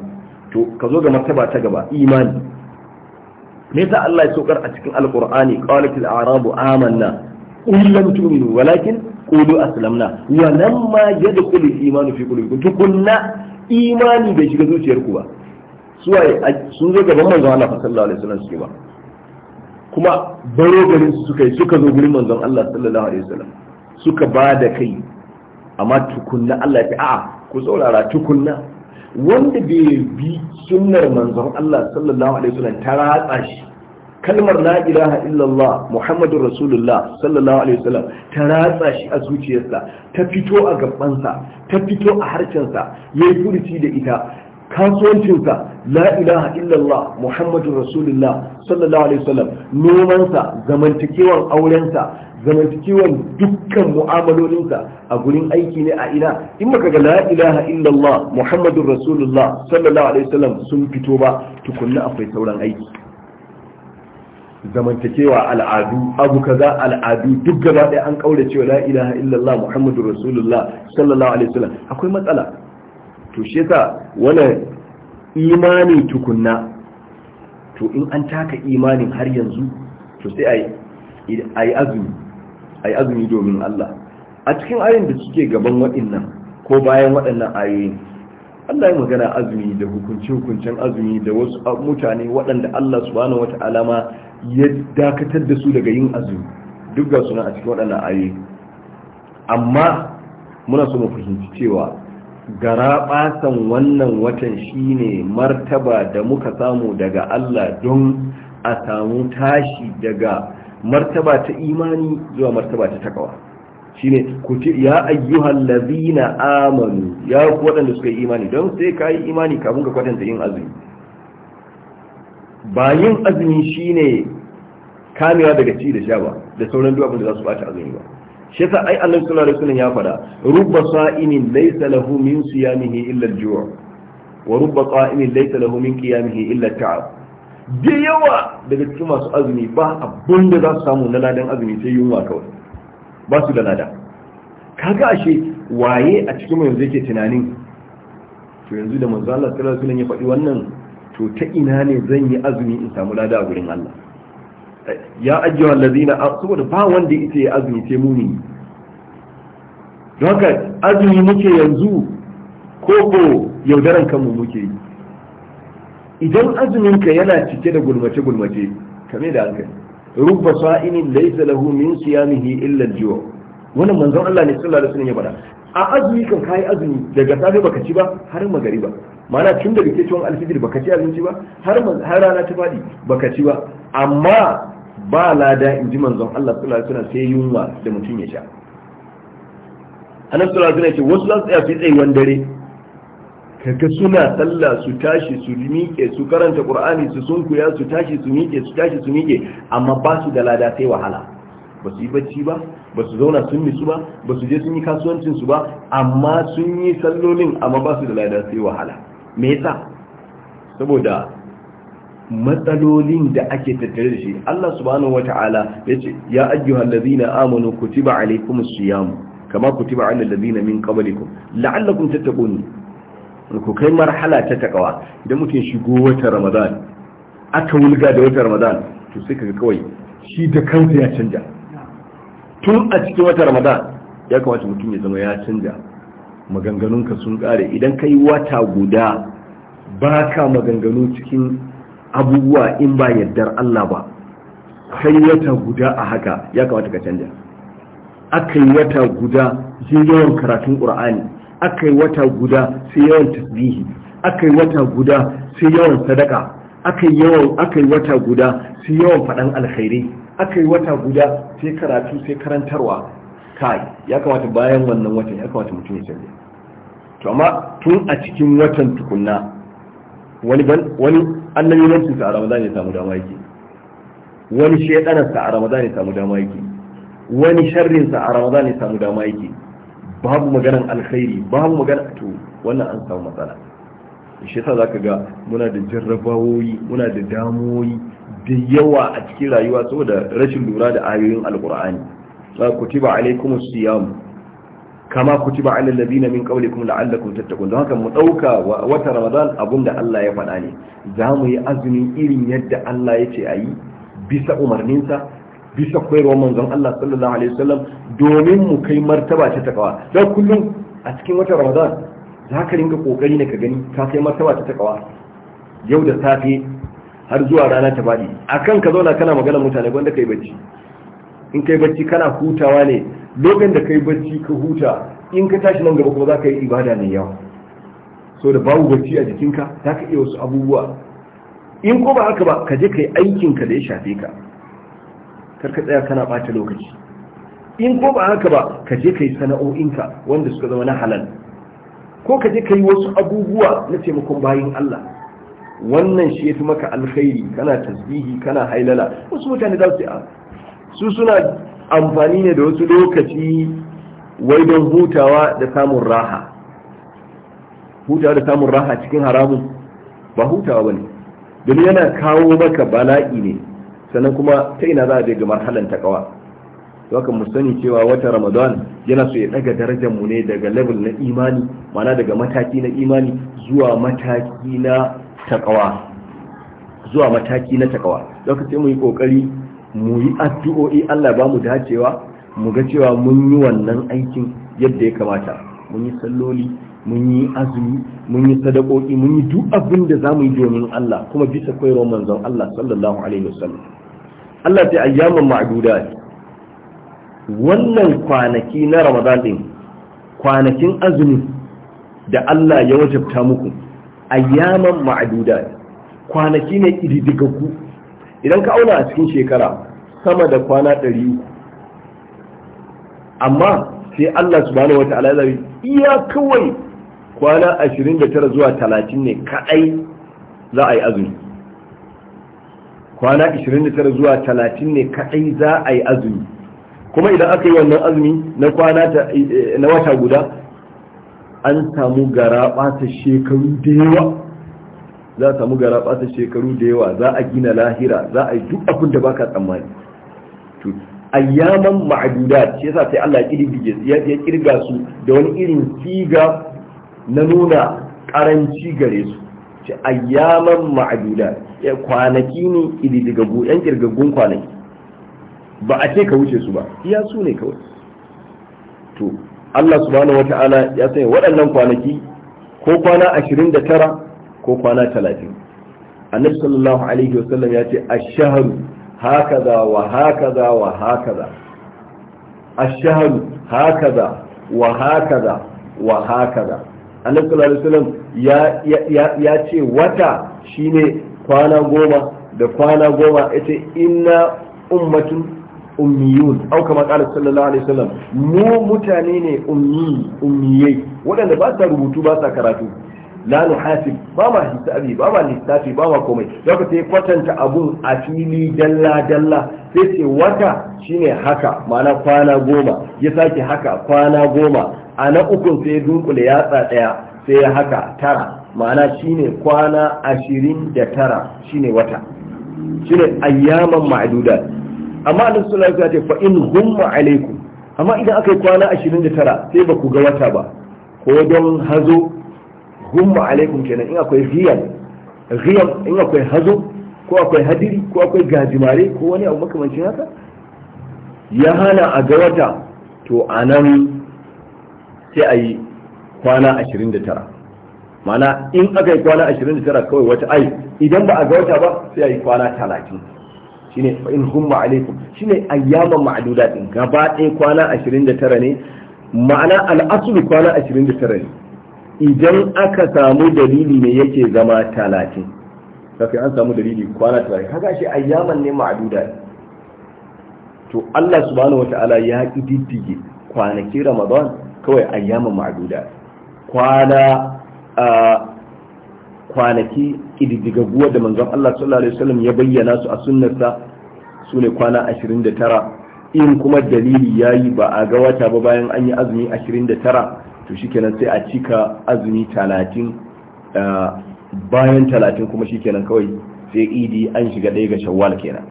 to ka zo ga martaba ta gaba imani me yasa Allah ya saukar a cikin alqur'ani qalatil a'rabu amanna qul lam tu'minu walakin qulu aslamna wa ma yadkhulu al-imanu fi qulubikum kunna imani bai shiga zuciyarku ba suwaye sun zo gaban manzon Allah sallallahu alaihi wasallam suke ba kuma baro garin su suka yi suka zo gurin manzon Allah sallallahu alaihi wasallam suka ba da kai amma tukunna Allah ya fi a'a ku saurara tukunna wanda bai bi sunnar manzon Allah sallallahu alaihi wasallam ta ratsa shi kalmar la ilaha illallah muhammadur rasulullah sallallahu alaihi wasallam ta ratsa shi a zuciyarsa ta fito a gabansa ta fito a harcensa yayi furuci da ita kasuwancinsa la ilaha illallah muhammadun rasulullah sallallahu alaihi wasallam nomansa zamantakewan aurensa zamantakewan dukkan mu'amalolinsa a gurin aiki ne a ina in maka ga la ilaha illallah muhammadun rasulullah sallallahu alaihi wasallam sun fito ba tukunna akwai sauran aiki zamantakewa al'adu abu kaza al'adu duk gaba ɗaya an kaurace wa la ilaha illallah muhammadun rasulullah sallallahu alaihi wasallam akwai matsala to shi yasa wannan imani tukunna to in an taka imanin har yanzu to sai a yi azumi ai azumi domin Allah a cikin ayin da suke gaban waɗannan ko bayan waɗannan ayoyin Allah ya magana azumi da hukunci-hukuncen azumi da wasu mutane waɗanda Allah subhanahu wata'ala ma ya dakatar da su daga yin azumi duk ga suna a cikin waɗannan ayoyi amma muna so mu fahimci cewa gara basan wannan watan shine martaba da muka samu daga Allah don a samu tashi daga martaba ta imani zuwa martaba ta takawa shine kuti ya ayyuhal ladina amanu ya ku wadanda suka yi imani don sai ka yi imani kafin ka kwatanta yin azumi ba yin azumi shine kamewa daga ci da sha ba da sauran duk abin da za su bata azumi ba shi yasa ai Allah sallallahu alaihi wasallam ya fada rubba sa'imin laysa lahu min siyamihi illa al-ju' wa rubba qa'imin laysa lahu min qiyamihi illa al-ta'ab da yawa daga cikin masu azumi ba abin da za su samu na ladan azumi sai yunwa kawai ba su da lada kaga ashe waye a cikin mu yanzu yake tunanin to yanzu da manzo Allah sallallahu alaihi wasallam ya faɗi wannan to ta ina ne zan yi azumi in samu lada a gurin Allah ya ajiye allazina saboda ba wanda ita ya azumi sai muni don haka azumi muke yanzu ko ko yaudaran kanmu muke yi idan azuminka yana cike da gulmace-gulmace kame da hankali rubba sa'inin isa lahu min siyamihi illa jiwa wannan manzon Allah ne sallallahu alaihi wasallam ya faɗa a azumi kan kai azumi daga safe baka ci ba har magariba ma'ana tun daga kecewan alfijir baka ci abinci ba har har rana ta fadi baka ci ba amma ba lada in ji manzon Allah sallallahu alaihi wasallam sai yunwa da mutum ya sha annabi sallallahu alaihi wasallam wasu za su tsaya su dare kaga suna sallah su tashi su miƙe su karanta qur'ani su sunkuya su tashi su miƙe su tashi su miƙe amma ba su da lada sai wahala ba su yi bacci ba ba su zauna sun nisu ba ba su je sun yi kasuwancin su ba amma sun yi sallolin amma ba su da lada sai wahala me yasa saboda matsalolin da ake tattare da shi Allah subhanahu wata'ala ya ce ya ayyuhal ladina amanu kutiba alaykumus siyam kama kutiba alal ladina min qablikum la'allakum tattaqun ku kai marhala ta takawa idan mutum shigo wata Ramadan aka wulga da wata Ramadan to sai kaga kawai shi da kansa ya canja tun a cikin wata Ramadan ya kamata mutum ya zama ya canja maganganunka sun kare idan kai wata guda ba ka maganganu cikin abubuwa in ba yardar Allah ba kai wata guda a haka ya kamata ka canja aka yi wata guda sai yawan karatun qur'ani aka yi wata guda sai yawan tasbihi aka yi wata guda sai yawan sadaka aka yi yawan akai wata guda sai yawan faɗan alkhairi aka yi wata guda sai karatu sai karantarwa kai ya kamata bayan wannan watan ya kamata mutum ya canja to amma tun a cikin watan tukunna wani ban wani annabiwancin sa a ramadan ya samu dama yake wani shedanar sa a ramadan ya samu dama yake wani sharrin sa a ramadan ya samu dama yake babu maganar alkhairi babu magana to wannan an samu matsala shi yasa zaka ga muna da jarrabawoyi muna da damoyi da yawa a cikin rayuwa saboda rashin lura da ayoyin alqur'ani kutiba alaikumus siyam kama kutiba alal ladina min qawlikum la'allakum tattaqun don haka mu dauka wata ramadan da Allah ya faɗa ne za mu yi azumi irin yadda Allah ya ce a yi bisa umarninsa bisa koyarwar manzon Allah sallallahu alaihi wasallam domin mu kai martaba ta takawa don kullum a cikin wata ramadan za ka ringa kokari ne ka gani ka kai martaba ta takawa yau da safe har zuwa rana ta bari akan ka zauna kana magana mutane wanda kai bacci in kai bacci kana hutawa ne lokacin da kai bacci ka huta in ka tashi nan gaba kuma za ka yi ibada mai yawa so da babu bacci a jikinka za ka iya wasu abubuwa in ko ba haka ba ka je ka yi aikinka da ya shafe ka kar ka tsaya kana ɓata lokaci in ko ba haka ba ka je ka yi sana'o'inka wanda suka zama na halal ko ka je ka yi wasu abubuwa na taimakon bayin Allah wannan shi ya fi maka alkhairi kana tasbihi kana hailala wasu mutane za su yi su suna amfani ne da wasu lokaci wai don hutawa da samun raha hutawa da samun raha cikin haramun ba hutawa ba ne domin yana kawo maka bala'i ne sannan kuma ta ina za a ga marhalan takawa to haka mu sani cewa wata ramadan yana so ya daga darajar mu ne daga level na imani mana daga mataki na imani zuwa mataki na takawa zuwa mataki na takawa lokacin mu yi kokari mu yi addu'o'i Allah ba mu dacewa mu ga cewa mun yi wannan aikin yadda ya kamata mun yi salloli mun yi azumi mun yi sadakoki mun yi duk abin da za mu yi domin Allah kuma bisa koyarwa manzon Allah sallallahu alaihi wasallam Allah ta ayyaman ma'dudat wannan kwanaki na Ramadan din kwanakin azumi da Allah ya wajabta muku ayyaman ma'dudat kwanaki ne ku? idan ka auna a cikin shekara sama da kwana ɗari amma sai Allah subhanahu wa ta'ala zai iya kawai kwana ashirin da tara zuwa talatin ne kaɗai za a yi azumi kwana ashirin da tara zuwa talatin ne kaɗai za a yi azumi kuma idan aka yi wannan azumi na kwana eh, na wata guda an samu gara ɓata shekaru da yawa za a samu gara ɓata shekaru da yawa za a gina lahira za a yi duk abin da baka tsammani to ayyaman ma'adudat shi yasa sai Allah ya kirgige ya ya kirga su da wani irin siga na nuna karanci gare su ce ayyaman ma'adudat ya kwanaki ne kididigagu yan kirgaggun kwanaki ba a ce ka wuce su ba iya su ne kawai to Allah subhanahu wata'ala ya sanya waɗannan kwanaki ko kwana 29 ko kwana talatin annabi sallallahu alaihi wasallam ya ce ash-shahru hakaza wa hakaza wa hakaza ash-shahru hakaza wa hakaza wa hakaza annabi sallallahu alaihi wasallam ya ya ya ce wata shine kwana goma da kwana goma yace inna ummatun ummiyun au kama kala sallallahu alaihi wasallam mu mutane ne ummi ummiyai waɗanda ba sa rubutu ba sa karatu la nuhasib ba ma hisabi ba ma lissafi ba ma komai zaka sai kwatanta abun a fili dalla dalla sai ce wata shine haka ma'ana kwana goma ya sake haka kwana goma a na ukun sai dunkule yatsa daya sai ya haka tara ma'ana shine kwana ashirin da tara shine wata shine ayyaman ma'dudat amma annabi sallallahu alaihi ya ce fa in humma alaikum amma idan aka kwana ashirin da tara sai ba ku ga wata ba ko don hazo gumma alaikum kenan in akwai riyan riyan in akwai hazo ko akwai hadiri ko akwai gajimare ko wani abu makamancin haka ya hana a ga wata to a nan sai a yi kwana 29 mana in aka yi kwana 29 kawai wata ai idan ba a ga wata ba sai a yi kwana 30 shine fa in humma alaikum shine ayyaman ma'dudat din gaba ɗaya kwana 29 ne ma'ana al'asulu kwana 29 ne idan aka samu dalili ne yake zama talatin kafin an samu dalili kwana talatin kaga shi ayyaman ne ma'aduda to Allah subhanahu wata'ala ya kididdige kwanaki ramadan kawai ayyaman ma'aduda kwana kwanaki kididdigaguwa da manzon Allah sallallahu alaihi wasallam ya bayyana su a sunnarsa su ne kwana 29 in kuma dalili yayi ba a ga wata ba bayan an yi azumi 29 to shikenan sai a cika azumi talatin bayan talatin kuma shikenan kawai sai idi an shiga ɗaya ga shawwal kenan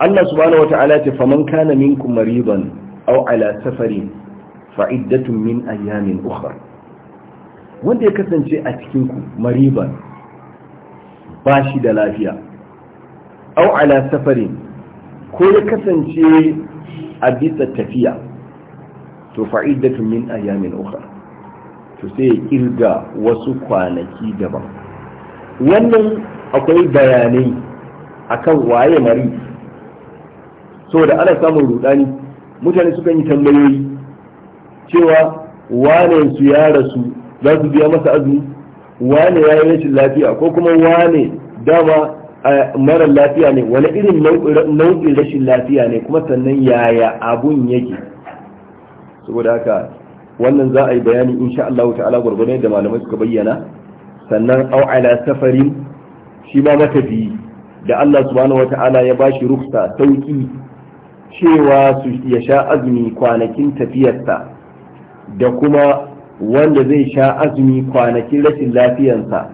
Allah subhanahu wata'ala ce faman kana minkum maridan aw ala safarin fa iddatun min ayamin ukhra wanda ya kasance a cikin ku mariban ba shi da lafiya aw ala safarin ko ya kasance a bisa tafiya to fa'idatun min ayyamin ukhra to sai ya kirga wasu kwanaki daban wannan akwai bayanai akan waye mari da ana samun rudani mutane sukan yi tambayoyi cewa wane su ya rasu za su biya masa azumi wane ya yi rashin lafiya ko kuma wane dama mara lafiya ne wani irin nau'in rashin lafiya ne kuma sannan yaya abun yake saboda haka wannan za a yi bayani insha Allah ta'ala gurgurdan da malamai suka bayyana sannan au ala safarin shi ma matafi da Allah subhanahu wata'ala ya bashi ruksa sauki cewa su ya sha azumi kwanakin tafiyarsa da kuma wanda zai sha azumi kwanakin rashin lafiyarsa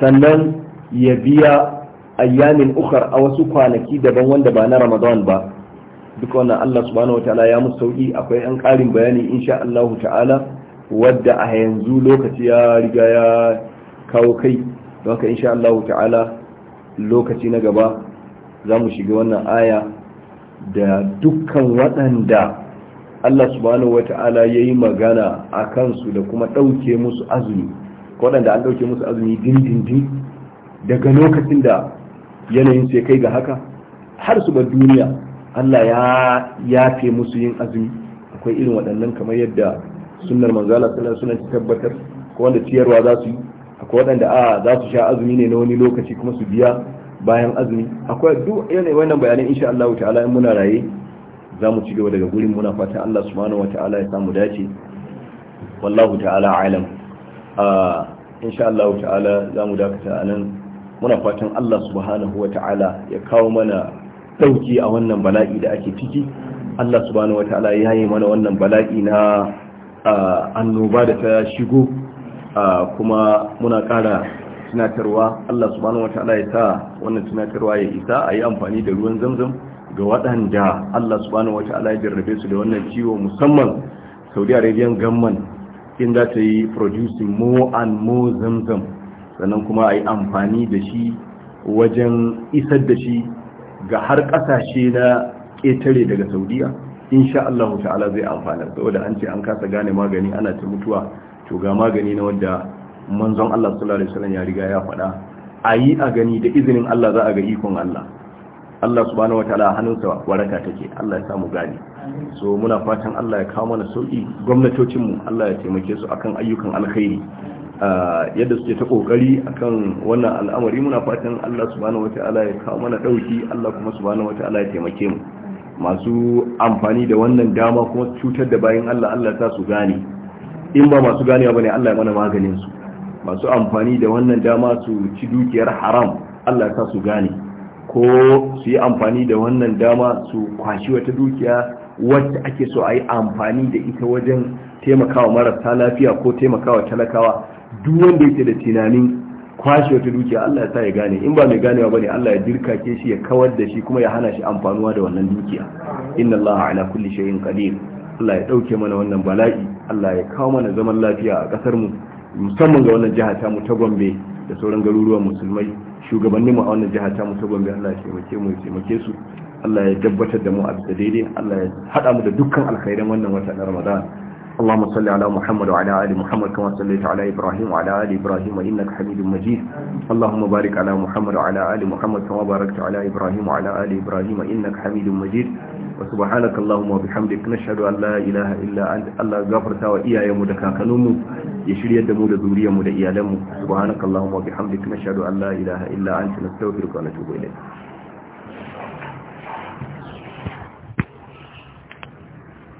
sannan ya biya ayyamin ukar a wasu kwanaki daban wanda ba na ramadan ba duk wannan Allah subhanahu wataala ya musu sauki akwai yan karin bayani insha Allah ta'ala wadda a yanzu lokaci ya riga ya kawo kai don ka insha Allah ta'ala lokaci na gaba za mu shiga wannan aya da dukkan waɗanda Allah subhanahu wata'ala ya yi magana a kansu da kuma ɗauke musu azumi waɗanda an ɗauke musu azumi dindindin daga lokacin da yanayin sai kai ga haka har su bar duniya Allah ya yafe musu yin azumi akwai irin waɗannan kamar yadda sunnar manzala sallallahu alaihi wasallam tabbatar ko wanda ciyarwa za su yi akwai waɗanda a za su sha azumi ne na wani lokaci kuma su biya bayan azumi akwai duk yanayi wannan bayanan insha Allah ta'ala in muna raye za mu ci gaba daga gurin muna fata Allah subhanahu wata'ala ya samu dace wallahu ta'ala alam a insha Allah ta'ala za mu dakata anan muna fatan Allah subhanahu wata'ala ya kawo mana dauki a wannan bala'i da ake ciki Allah subhanahu wataala ya yi mana wannan bala'i na annoba da ta shigo kuma muna ƙara tunatarwa Allah subhanahu wataala ya sa wannan tunatarwa ya isa a yi amfani da ruwan zamzam ga waɗanda Allah subhanahu wataala ya jarrabe su da wannan ciwo musamman Saudi Arabian gamman in za ta yi producing more and more zamzam sannan kuma a yi amfani da shi wajen isar da shi ga har ƙasashe na ƙetare daga saudiya insha Allah ta'ala zai amfana saboda an ce an kasa gane magani ana ta mutuwa to ga magani na wanda manzon Allah sallallahu alaihi wasallam ya riga ya faɗa a yi a gani da izinin Allah za a ga ikon Allah Allah subhanahu wataala hannunsa waraka take Allah ya samu gani so muna fatan Allah ya kawo mana sauki gwamnatocinmu Allah ya taimake su akan ayyukan alkhairi Ah, yadda suke ta kokari akan wannan al'amari muna fatan Allah subhanahu wataala ya kawo mana dauki Allah kuma subhanahu wataala ya taimake mu masu amfani da wannan dama kuma cutar da bayin Allah Allah ta su gane in ba masu ganewa ne Allah ya mana maganin su masu amfani da wannan dama su ci dukiyar haram Allah ta su gane ko su yi amfani da wannan dama su kwashi wata dukiya wacce ake so a yi amfani da ita wajen taimakawa marasa lafiya ko taimakawa talakawa duk wanda yake da tunanin kwashe wata dukiya Allah ya sa ya gane in ba mai ganewa ne Allah ya dirkake shi ya kawar da shi kuma ya hana shi amfanuwa da wannan dukiya inna Allah ala kulli shay'in qadir Allah ya dauke mana wannan bala'i Allah ya kawo mana zaman lafiya a kasar mu musamman ga wannan jiha ta mu ta Gombe da sauran garuruwan musulmai shugabannin mu a wannan jiha ta mu ta Gombe Allah ya taimake mu ya taimake su Allah ya tabbatar da mu a daidai Allah ya hada mu da dukkan alkhairan wannan wata na Ramadan اللهم صل على محمد وعلى آل محمد كما صليت على إبراهيم وعلى آل إبراهيم إنك حميد مجيد اللهم بارك على محمد وعلى آل محمد كما باركت على إبراهيم وعلى آل إبراهيم إنك حميد مجيد وسبحانك اللهم وبحمدك نشهد أن لا إله إلا أنت الله غفرت وإياي مدكاك نمو يشري يدمو لذوريا مدئيا لمو سبحانك اللهم وبحمدك نشهد أن لا إله إلا أنت نستغفرك ونتوب إليك